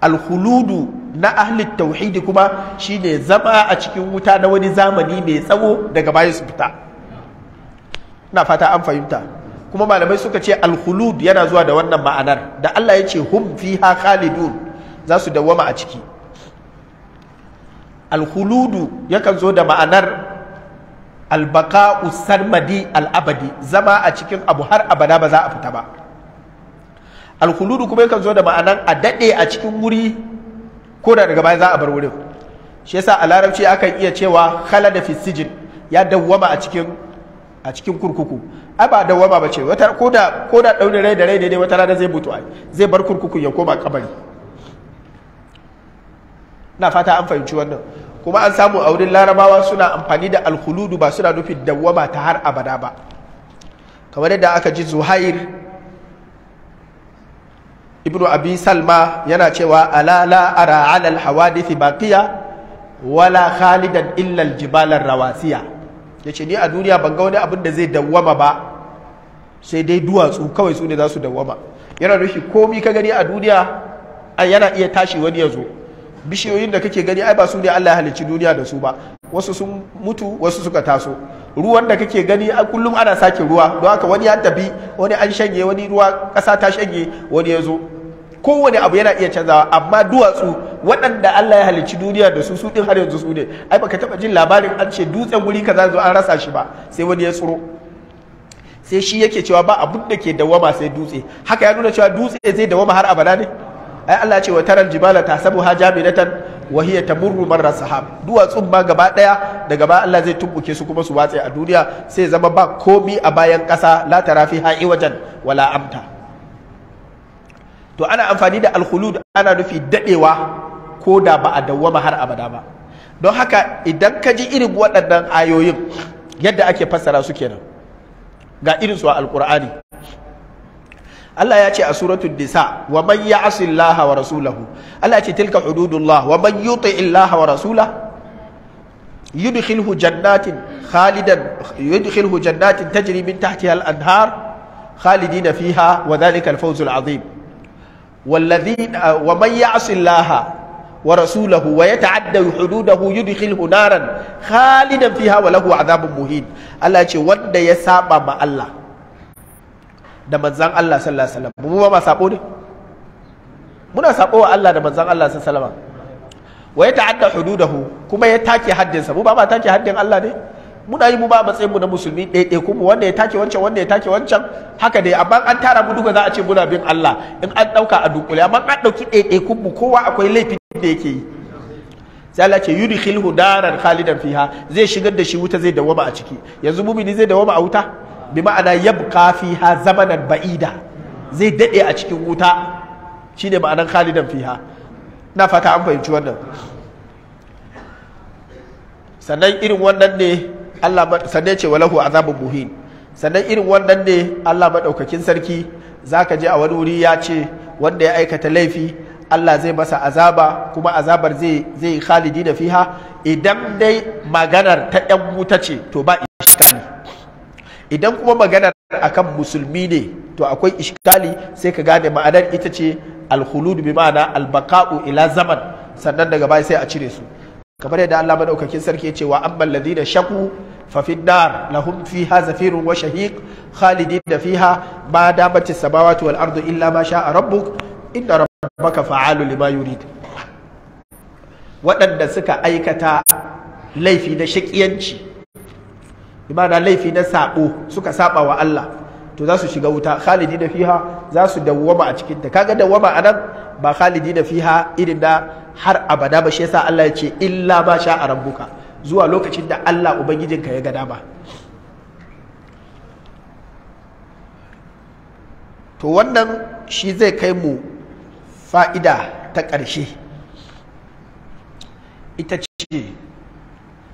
alhuludu na ahlit tauhidi kuma shine zama a cikin wuta na wani zamani mai tsawo daga bayan su fita na fata an fahimta kuma malamai suka ce alhulud yana zuwa da wannan ma'anar da Allah ya ce hum fiha khalidun za su dawwama a ciki alhuludu yakan zo da ma'anar albaka sarmadi al'abadi zama a cikin abu har abada ba za a fita ba alhuludu kuma yakan zo da ma'anar a daɗe a cikin wuri ko da daga baya za a bar wurin shi yasa a larabci akan iya cewa kala da fisijin ya dawwama a cikin a cikin kurkuku ai ba dawwama ba ce ko da ko da rai da rai daidai wata rana zai mutu ai zai bar kurkuku ya koma kabari na fata an fahimci wannan kuma an samu a wurin larabawa suna amfani da alhuludu ba suna nufin dawwama ta har abada ba kamar yadda aka ji zuhair ibnu abi salma yana cewa alala ara alal hawadithi baqiya wala khalidan illa aljibalar rawasiya yace ni a duniya ban ga wani abin da zai dawwama ba sai dai duwatsu kawai su ne za su dawwama yana nufi komi ka gani a duniya yana iya tashi wani ya zo bishiyoyin da kake gani ai ba su ne Allah ya halicci duniya da su ba wasu sun mutu wasu suka taso ruwan da kake gani a kullum ana sake ruwa don haka wani ya tafi wani an shanye wani ruwa ƙasa ta shanye wani ya zo kowane abu yana iya canzawa amma duwatsu waɗanda Allah ya halicci duniya da su su ɗin har yanzu su ne ai baka taba jin labarin an ce dutsen wuri kaza zo an rasa shi ba sai wani ya tsoro. sai shi yake cewa ba abun da ke dawama sai dutse haka ya nuna cewa dutse zai dawama har abada ne ai Allah ce wa taral jibala ha jabiratan wa hiya tamurru marra sahab duwatsun ma gaba daya da gaba Allah zai tumbuke su kuma su watse a duniya sai zama ba komi a bayan kasa la tara fiha iwajan wala amta to ana amfani da alkhulud ana nufi dadewa ko da ba a dawwama har abada ba don haka idan ka ji irin waɗannan ayoyin yadda ake fassara su kenan ga irin su a alkur'ani Allah ya ce a suratul disa, wa man ya'si Laha wa rasulahu Allah ya ce tilka hududullah wa man yuti Allah wa rasulahu yudkhilhu jannatin khalidan yudkhilhu jannatin tajri min tahtiha al-anhar khalidina fiha wa dhalika al-fawz al-azim والذين ومن يعص الله ورسوله ويتعدى حدوده يدخله نارا خالدا فيها وله عذاب مهين الله يقول وند يسابا مع الله da manzan Allah sallallahu alaihi wasallam mu ba sabo ne muna sabo wa Allah da manzan Allah sallallahu alaihi wasallam wa ya ta'adda hududahu kuma ya take sa mu ba ma take haddin Allah ne muna yi mu ba matsayin mu na musulmi ɗaiɗai kuma wanda ya take wancan wanda ya take wancan haka dai amma an tara mu duka za a ce muna bin Allah in an ɗauka a dukule amma an ɗauki ɗaiɗai mu kowa akwai laifin da yake yi sai Allah ce yudkhilhu daran khalidan fiha zai shigar da shi wuta zai dawama a ciki yanzu mumini zai dawama a wuta bi ma'ana yabqa fiha zamanan ba'ida zai dade a cikin wuta shine ma'anan khalidan fiha na fata an fahimci wannan sannan irin wannan ne Allah sannan ce walahu azabun muhin sannan irin wannan ne Allah madaukakin sarki zaka je a wani wuri ya ce wanda ya aikata laifi Allah zai masa azaba kuma azabar zai zai khalidi da fiha idan dai maganar ta yan wuta ce to ba iskani idan kuma maganar akan musulmi ne to akwai ishkali sai ka gane ma'anar ita ce alhulud bi ma'ana albaqa'u ila zaman sannan daga baya sai a cire su kamar yadda Allah madaukakin sarki ya ce wa amman ladina shaku fa fi dar lahum fiha zafirun wa shahiq khalidina fiha ma damat as-samawati wal ardu illa ma sha'a rabbuk inna rabbaka fa'alu lima yurid waɗanda suka aikata laifi na shakiyanci imana laifi na sabo suka saba wa Allah to za su shiga wuta khalidi da fiha za su dawwama a cikinta kaga dawwama nan ba khalidi da fiha irin da har abada ba shi yasa Allah ya ce illa ba sha a rabbuka zuwa lokacin da Allah ubangijinka ya gada ba to wannan shi zai kai mu fa'ida ta ƙarshe ita ce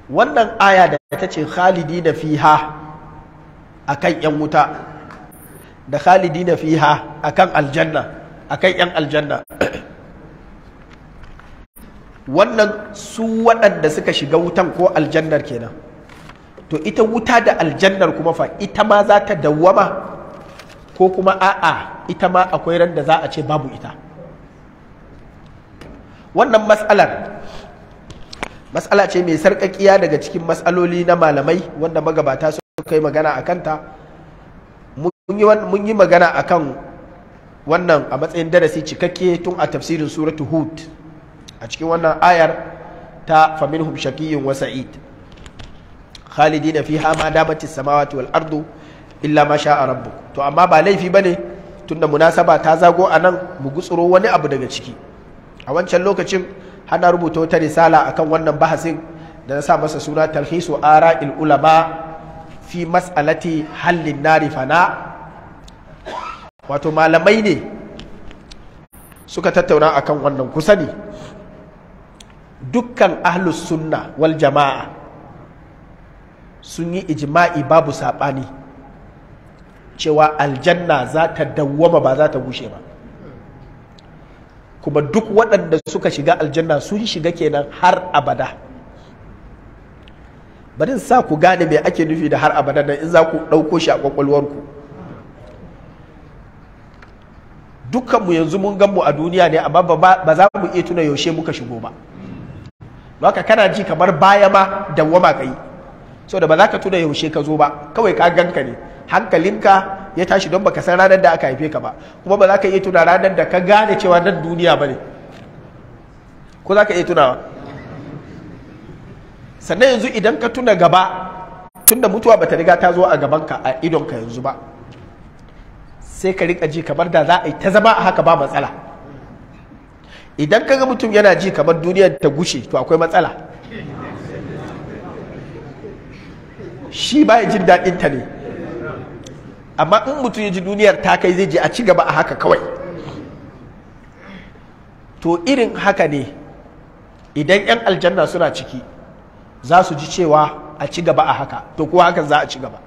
wannan aya da ta ce khalidi na ha a kan ‘yan wuta da khalidi na ha a kan aljanna a kan ‘yan aljanna wannan su waɗanda suka shiga wutan ko aljannar kenan to ita wuta da aljannar kuma fa ita ma za ta dawwama ko kuma a'a ita ma akwai ran da za a ce babu ita wannan matsalar matsala ce mai sarƙaƙiya daga cikin matsaloli na malamai wanda magabata suka yi magana a kanta mun yi magana a kan wannan a matsayin darasi cikakke tun a tafsirin suratu hud a cikin wannan ayar ta famin shakiyin wasa sa'id khalidi na fi hama damatis samawati wal ardu illa ma a rabbu. to amma ba laifi ba tun tunda munasaba ta zago a nan mu gutsuro wani abu daga ciki a wancan lokacin har na rubuta wata risala akan wannan bahasin da na sa masa suna talhisu ara'il ulama fi mas'alati hallin nari fana wato malamai ne suka tattauna akan wannan kusa ne dukkan ahlus sunna wal jama'a sun yi ijma'i babu saɓani cewa aljanna za ta dawwama ba za ta gushe ba kuma duk waɗanda suka shiga aljanna sun shiga kenan har abada bari sa ku gane me ake nufi da har abada nan in za ku ɗauko shi a ƙwaƙwalwarku dukkanmu yanzu mun gan mu a duniya ne amma ba za mu iya tuna yaushe muka shigo ba haka kana ji kamar baya ma dawwama ka yi so da ba za ka tuna yaushe ka zo ba kawai ka gan ka ne hankalinka ya tashi don baka san ranar da aka haife ka ba kuma ba za ka iya tuna ranar da ka gane cewa nan duniya ba ne ko za ka iya tunawa sannan yanzu idan ka tuna gaba tunda mutuwa bata riga ta zo a gabanka a idonka yanzu ba sai ka rika ji kamar da za a yi ta zama a haka ba matsala idan ka ga mutum yana ji kamar duniyar ta gushe to akwai matsala shi ba ya jin daɗin ta ne amma in mutum ya ji duniyar ta kai zai je a ci gaba a haka kawai to irin haka ne idan 'yan aljanna suna ciki za su ji cewa a ci gaba a haka to kuwa hakan za a ci gaba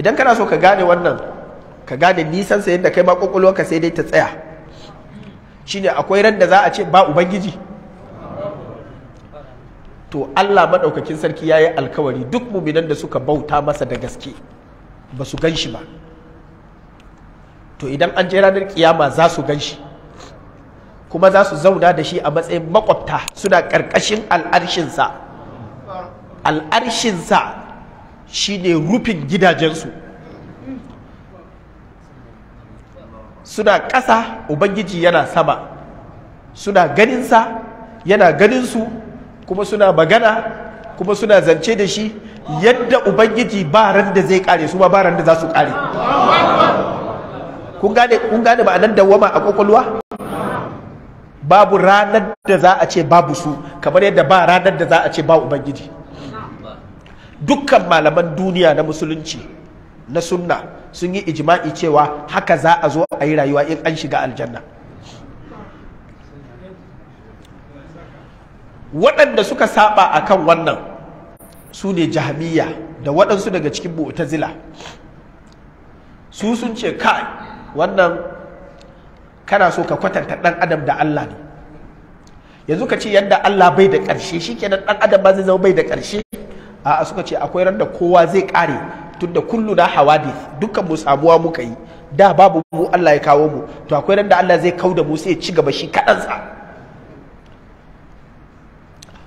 idan kana so ka gane wannan ka gane nisan sa da kai ma ka sai dai ta tsaya shine akwai ran da za a ce ba ubangiji to Allah maɗaukakin sarki ya yi alkawari duk muminan da suka bauta masa da gaske ba su gan shi ba to idan an je ranar kiyama za su gan shi kuma za su zauna da shi a matsayin makwabta suna ƙarƙashin al'arshinsa al'arshinsa shi ne rufin gidajensu suna ƙasa ubangiji yana sama suna ganinsa yana ganinsu kuma suna magana kuma suna zance da shi yadda ubangiji ba ran da zai kare su ba ba ran da za su kare kun gane kun gane da wama a kokolwa babu ranar da za a ce babu su kamar yadda ba ranar da za a ce ba ubangiji dukkan malaman duniya na musulunci na sunna sun yi ijma'i cewa haka za a zo a yi rayuwa in an shiga aljanna waɗanda suka saba kan wannan su ne jahmiya da waɗansu daga cikin mu'tazila su sun ce kai wannan kana so ka kwatanta ɗan adam da Allah ne yanzu ka ce yadda Allah bai da ƙarshe shikenan ɗan adam ba zai zama bai da ƙarshe a suka ce akwai ran da kowa zai ƙare tun da kullu na Hawa hawadith dukkan mu samuwa muka yi da babu mu Allah ya kawo mu to akwai ran da Allah zai kau da mu sai ya ci gaba shi kaɗansa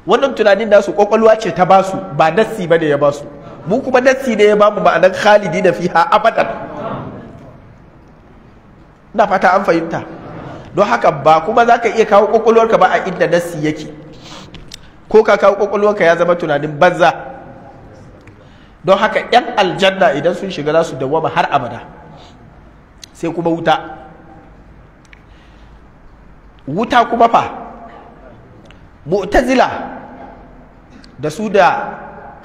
wannan tunanin nasu kwakwalwa ce ta basu ba nassi bane ya basu mu kuma nassi ne ya bamu ma'anar khalidi da fiha abadan na fata an fahimta don haka ba kuma za ka iya kawo kwakwalwarka ba a inda nassi yake ko ka kawo kwakwalwarka ya zama tunanin banza don haka 'yan aljanna idan sun shiga za su dawwama har abada sai kuma wuta wuta kuma fa mu'tazila da su da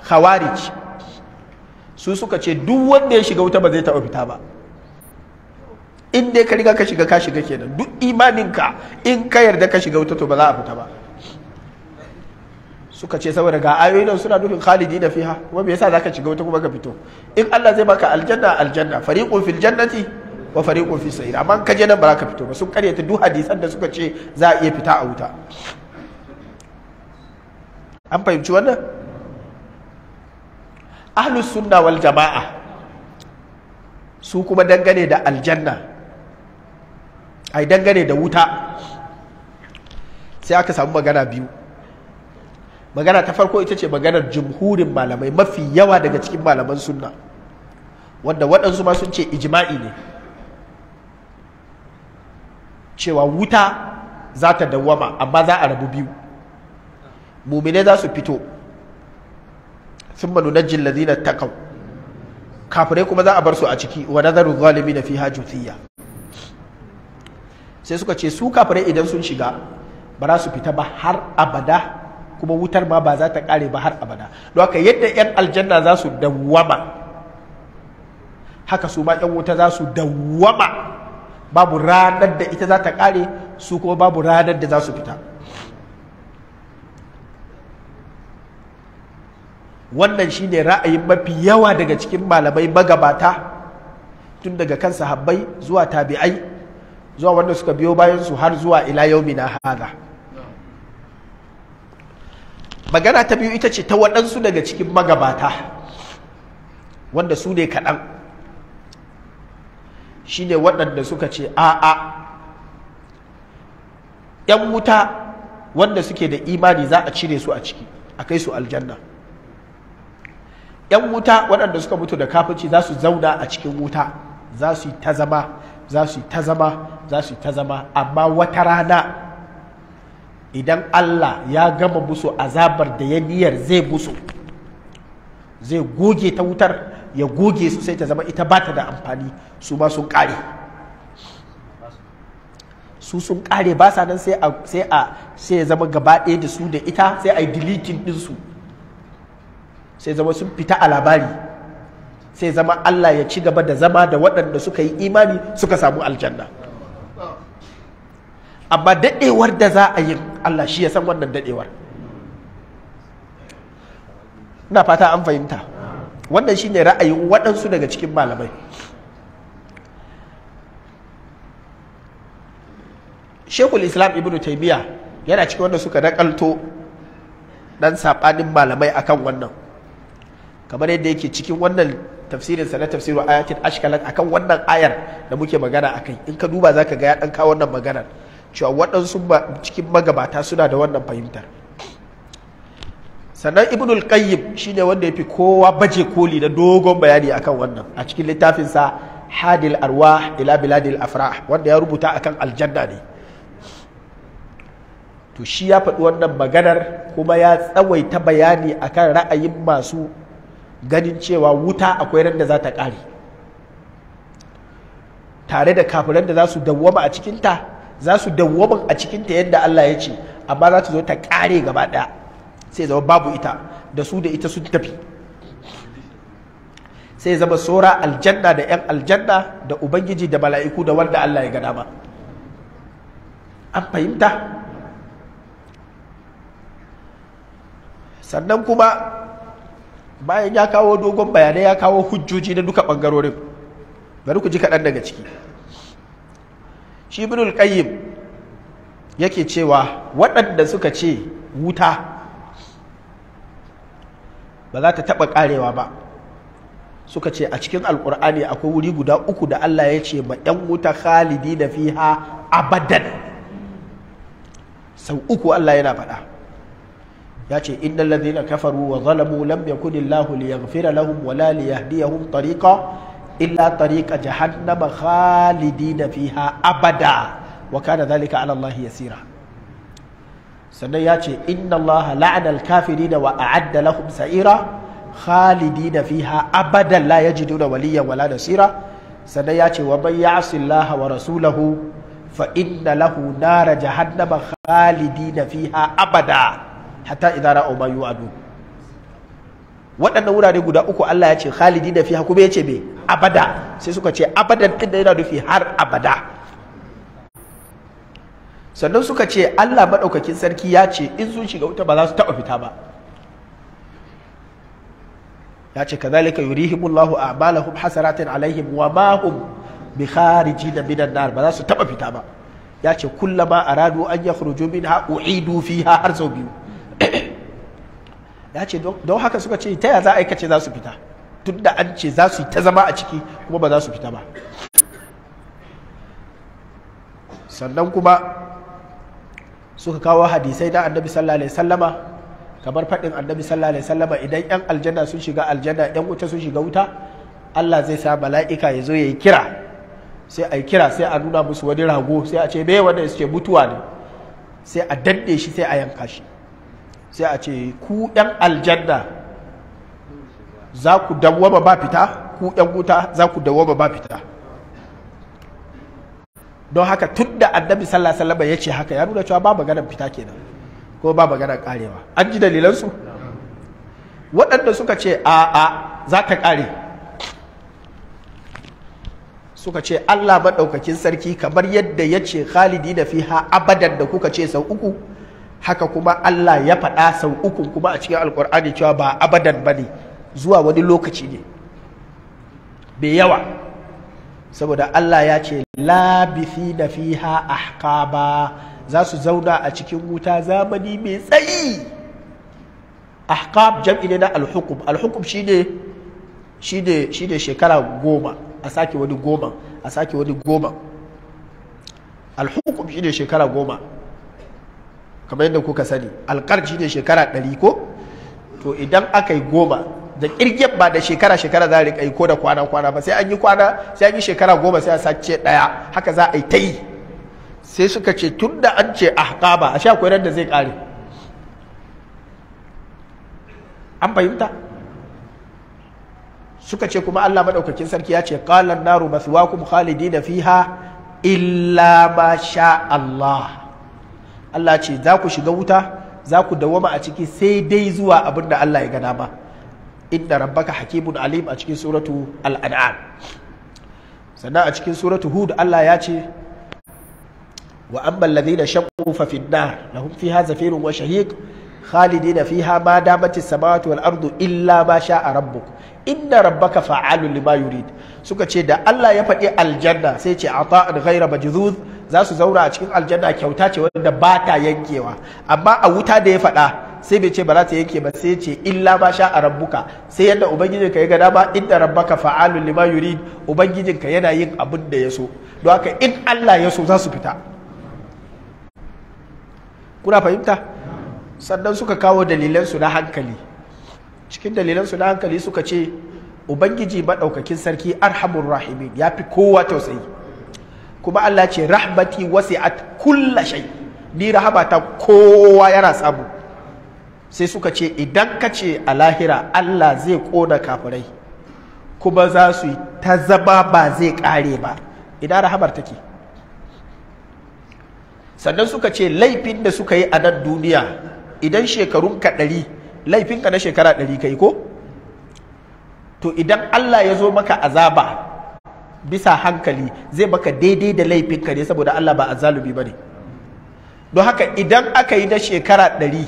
khawarij su suka ce duk wanda ya shiga wuta ba zai taɓa fita ba in dai ka riga ka shiga ka shiga kenan duk imaninka in ka yarda ka shiga wuta to ba za a fita ba suka ce saboda ga ayoyin suna nufin khalidi da fiha kuma me yasa zaka shiga wuta kuma ka fito in Allah zai baka aljanna aljanna fariqun fil jannati wa fariqun fis sa'ir amma ka je nan ba za ka fito ba sun karyata duk hadisan da suka ce za a iya fita a wuta an fahimci wannan ahlus sunna wal jama'a su kuma dangane da aljanna ai dangane da wuta sai aka samu magana biyu magana ta farko ita ce maganar jumhurin malamai mafi yawa daga cikin malaman sunna wanda waɗansu ma sun ce ijima'i ne cewa wuta za ta dawwama amma za a rabu biyu Muminai za su fito sun manu na ta kawo. kafirai kuma za a bar su a ciki wa nazaru zalimi na fi hajjutiyya sai suka ce su kafirai idan sun shiga ba za su fita ba har abada kuma wutar ma ba za ta kare ba har abada don haka yadda 'yan aljanna za su dawwama haka su ma 'yan wuta za su dawwama babu ranar da ita za ta kare su kuma babu ranar da za su fita wannan shi ne ra'ayin mafi yawa daga cikin malamai magabata tun daga kan sahabbai zuwa tabi'ai zuwa wanda suka biyo bayan su har zuwa ila na hada magana ta biyu ita ce ta waɗansu daga cikin magabata wanda su ne kaɗan shi ne waɗanda suka ce a'a 'yan wuta wanda suke da imani za a cire su a ciki a kai su aljanna 'yan wuta waɗanda suka mutu da kafirci za su zauna a cikin wuta za su yi ta zama za su yi ta zama za su yi ta zama amma wata rana idan Allah ya gama musu azabar da ya niyar zai musu zai goge ta wutar ya goge su sai ta zama ita ba ta da amfani su ma sun ƙare su sun ƙare ba sa nan sai a sai ya zama gaba ɗaya da su da ita sai a yi deleting ɗinsu sai zama sun fita a labari sai zama Allah ya ci gaba da zama da waɗanda suka yi imani suka samu aljanna amma daɗewar da za a yi Allah shi ya san wannan daɗewar na fata an fahimta wannan shi ne ra'ayin waɗansu daga cikin malamai shekul islam ibn taimiyya yana cikin wanda suka nakalto ɗan saɓanin malamai akan wannan kamar yadda yake cikin wannan tafsirin sa na tafsirin ayatin ashkalat akan wannan ayar da muke magana akai in ka duba zaka ga ya dan kawo wannan maganar cewa waɗansu cikin magabata suna da wannan fahimtar sannan ibnul qayyim shine wanda ya fi kowa baje koli na dogon bayani akan wannan a cikin littafin sa hadil arwah ila biladil afra wanda ya rubuta akan aljanna ne to shi ya faɗi wannan maganar kuma ya tsawaita bayani akan ra'ayin masu ganin cewa wuta akwai ran da za ta ƙare tare da kafiran da za su dawwama a cikinta za su dawwama a cikinta yadda Allah ya ce amma za ta zo ta ƙare gaba ɗaya sai zama babu ita da su da ita sun tafi sai zama tsora aljanna da 'yan aljanna da ubangiji da mala'iku da wanda Allah ya gada ba an fahimta sannan kuma bayan ya kawo dogon bayanai ya kawo hujjoji na duka bangarorin bari ku ji kaɗan daga ciki shi ibnul yake cewa waɗanda suka ce wuta ba za ta taɓa ƙarewa ba suka ce a cikin alƙur'ani akwai wuri guda uku da Allah ya ce ma 'yan wuta khalidi da fiha abadan sau uku Allah yana faɗa ya ce innal ladhina kafaru wa zalamu lam yakun illahu liyaghfira lahum wala liyahdiyahum tariqa illa tariqa jahannama khalidina fiha abada wa kana dhalika ala Allah yasira sannan ya ce inna Allah la'ana al-kafirina wa a'adda lahum sa'ira khalidina fiha abadan la yajiduna waliyan wala nasira sannan ya ce wa man ya'si Allah wa rasulahu fa inna lahu nara jahannama khalidina fiha abada hatta idara o bayu adu waɗannan wurare guda uku Allah ya ce khalidi da kuma ya ce me abada sai suka ce abadan din da yana fi har abada sannan suka ce Allah maɗaukakin sarki ya ce in sun shiga wuta ba za su taɓa fita ba ya ce kazalika yurihimullahu a'malahum hasaratin alaihim wa ma hum bi min an nar ba za su taɓa fita ba ya ce kullama aradu an yakhruju minha u'idu fiha har sau biyu ya ce don haka suka ce ta ya za a aikace za su fita duk da an ce za su yi ta zama a ciki kuma ba za su fita ba sannan kuma suka kawo hadisai na annabi sallallahu alaihi sallama kamar faɗin annabi sallallahu alaihi sallama idan yan aljanna sun shiga aljanna yan wuta sun shiga wuta Allah zai sa mala'ika ya zo ya yi kira sai a yi kira sai a nuna musu wani rago sai a ce me wanda ya ce mutuwa ne sai a danne shi sai a yanka shi sai a ce ku ɗan aljanna za ku dawwama ba fita ku ɗan wuta za ku dawwama ba fita don haka tun da annabi sallallahu alaihi ya ce haka ya nuna cewa ba maganar fita kenan ko ba maganar karewa an ji dalilansu waɗanda suka ce a a za ta kare suka ce Allah maɗaukakin sarki kamar yadda ya ce khalidi na fiha abadan da kuka ce sau uku haka kuma Allah ya faɗa sau uku kuma a cikin alkur'ani cewa ba abadan ba ne zuwa wani lokaci ne bai yawa saboda Allah ya ce labithi na fiha ahqaba za su zauna a cikin wuta zamani mai tsayi ahqab jam'i ne na alhukum alhukum shine shine shine shekara goma a sake wani goma a sake wani goma alhukum shine shekara goma kamar yadda kuka sani alƙar shi ne shekara ɗari ko to idan aka yi goma da ƙirgiyar ba da shekara shekara za a riƙa yi ko da kwana kwana ba sai an yi kwana sai an yi shekara goma sai a sace ɗaya haka za a yi ta yi sai suka ce tun da an ce ba a sha koyar da zai ƙare an fahimta suka ce kuma Allah maɗaukakin sarki ya ce qalan naru maswaakum khalidina fiha illa ma sha Allah Allah ce za ku shiga wuta za ku dawama a ciki sai dai zuwa abin da Allah ya gana ba inda rabbaka hakimun alim a cikin suratu al'an'an sannan a cikin suratu hud Allah ya ce wa an ballazi da shakku fafin nar lahum fiha zafirun wa shahiq khalidina fiha ma damati samawati wal ardu illa ma sha'a rabbuk inna rabbaka fa'alun lima yurid suka ce da Allah ya faɗi aljanna sai ce ata'an ghaira majzuz za su zaura a cikin aljanna kyauta ce wadda ba ta yankewa amma a wuta da ya faɗa sai bai ce ba za ta yanke ba sai ce illa ma sha a rabbuka sai yadda ka ya ga ba inda rabbaka fa'alun lima yurid ka yana yin abin da ya so don haka in Allah ya so za su fita kuna fahimta sannan suka kawo su na hankali cikin dalilansu na hankali suka ce ubangiji maɗaukakin sarki arhamur rahimin ya fi kowa tausayi kuma Allah ce rahbati wasi'at kulla shai ni ta kowa yana sabu sai suka ce idan ka ce a lahira Allah zai kona kafirai kuma za su yi ta zaba ba zai kare ba idan rahabar take sannan suka ce laifin da suka yi a nan duniya idan shekarun ka ɗari laifinka na shekara ɗari kai ko to idan Allah ya zo maka azaba bisa hankali zai baka daidai da ka ne saboda Allah ba azalubi ba ne don haka idan aka yi na shekara ɗari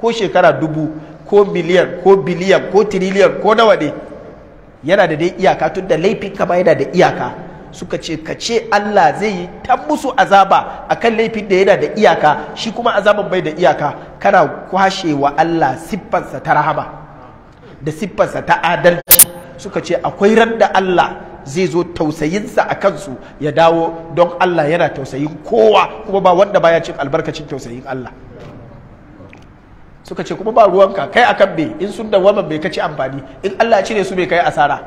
ko shekara dubu ko miliyan ko biliyan ko tiriliyan ko nawa ne yana da dai iyaka tun da ka ba yana da iyaka suka ce ka ce Allah zai yi ta musu azaba akan laifin da yana da iyaka shi kuma azaban bai da iyaka kana wa Allah siffansa ta rahama da siffansa ta adalci suka ce akwai ran da Allah zai zo tausayinsa a kansu ya dawo don Allah yana tausayin kowa kuma ba wanda baya cin albarkacin tausayin Allah suka ce kuma ba ruwanka kai a me in sun dawama bai kaci amfani in Allah ya cire su bai kai asara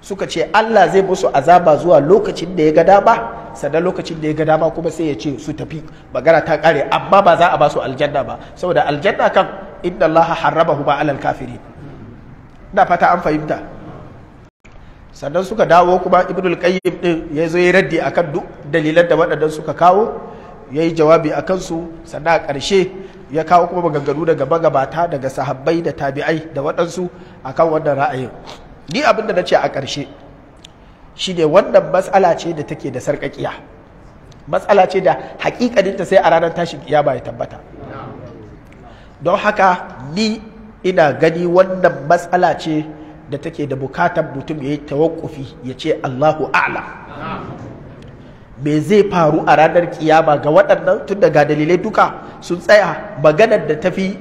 suka ce Allah zai musu azaba zuwa lokacin da ya ga dama sannan lokacin da ya ga dama kuma sai ya ce su tafi magana ta kare amma ba za a ba su aljanna ba saboda aljanna kan inda Allah harramahu ba alal kafiri. ina fata an fahimta sannan suka dawo kuma ibnul qayyim din ya zo ya raddi akan duk dalilan da waɗannan suka kawo yayi jawabi a kansu sannan a ƙarshe ya kawo kuma maganganu daga magabata daga sahabbai da tabi'ai da waɗansu akan wannan ra'ayin ni abin da na ce a ƙarshe ne wannan matsala ce da take da sarƙaƙiya matsala ce da hakikaninta sai a ranar tashin ba ya tabbata don haka ni ina gani wannan matsala ce da take da bukatar mutum ya yi tawakkufi ya ce Allahu a'la me zai faru a ranar kiyama ga waɗannan tun daga dalilai duka sun tsaya maganar da ta fi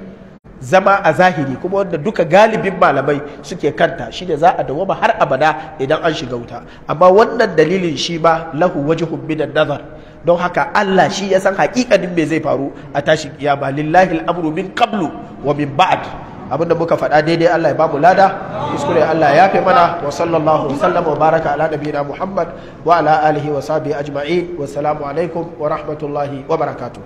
zama a zahiri kuma wanda duka galibin malamai suke kanta shida za a dawoma har abada idan an shiga wuta amma wannan dalilin shi ba lahu waje minan nazar don haka Allah shi ya san hakikanin me zai faru a tashin kiyama lillahi al'amuru min qablu wa min ba'd abinda muka faɗa daidai Allah ya bamu lada kuskure Allah ya yafe mana wa sallallahu sallama wa baraka ala nabiyina Muhammad wa ala alihi wa sahbihi ajma'in wa salamu alaikum wa rahmatullahi wa barakatuh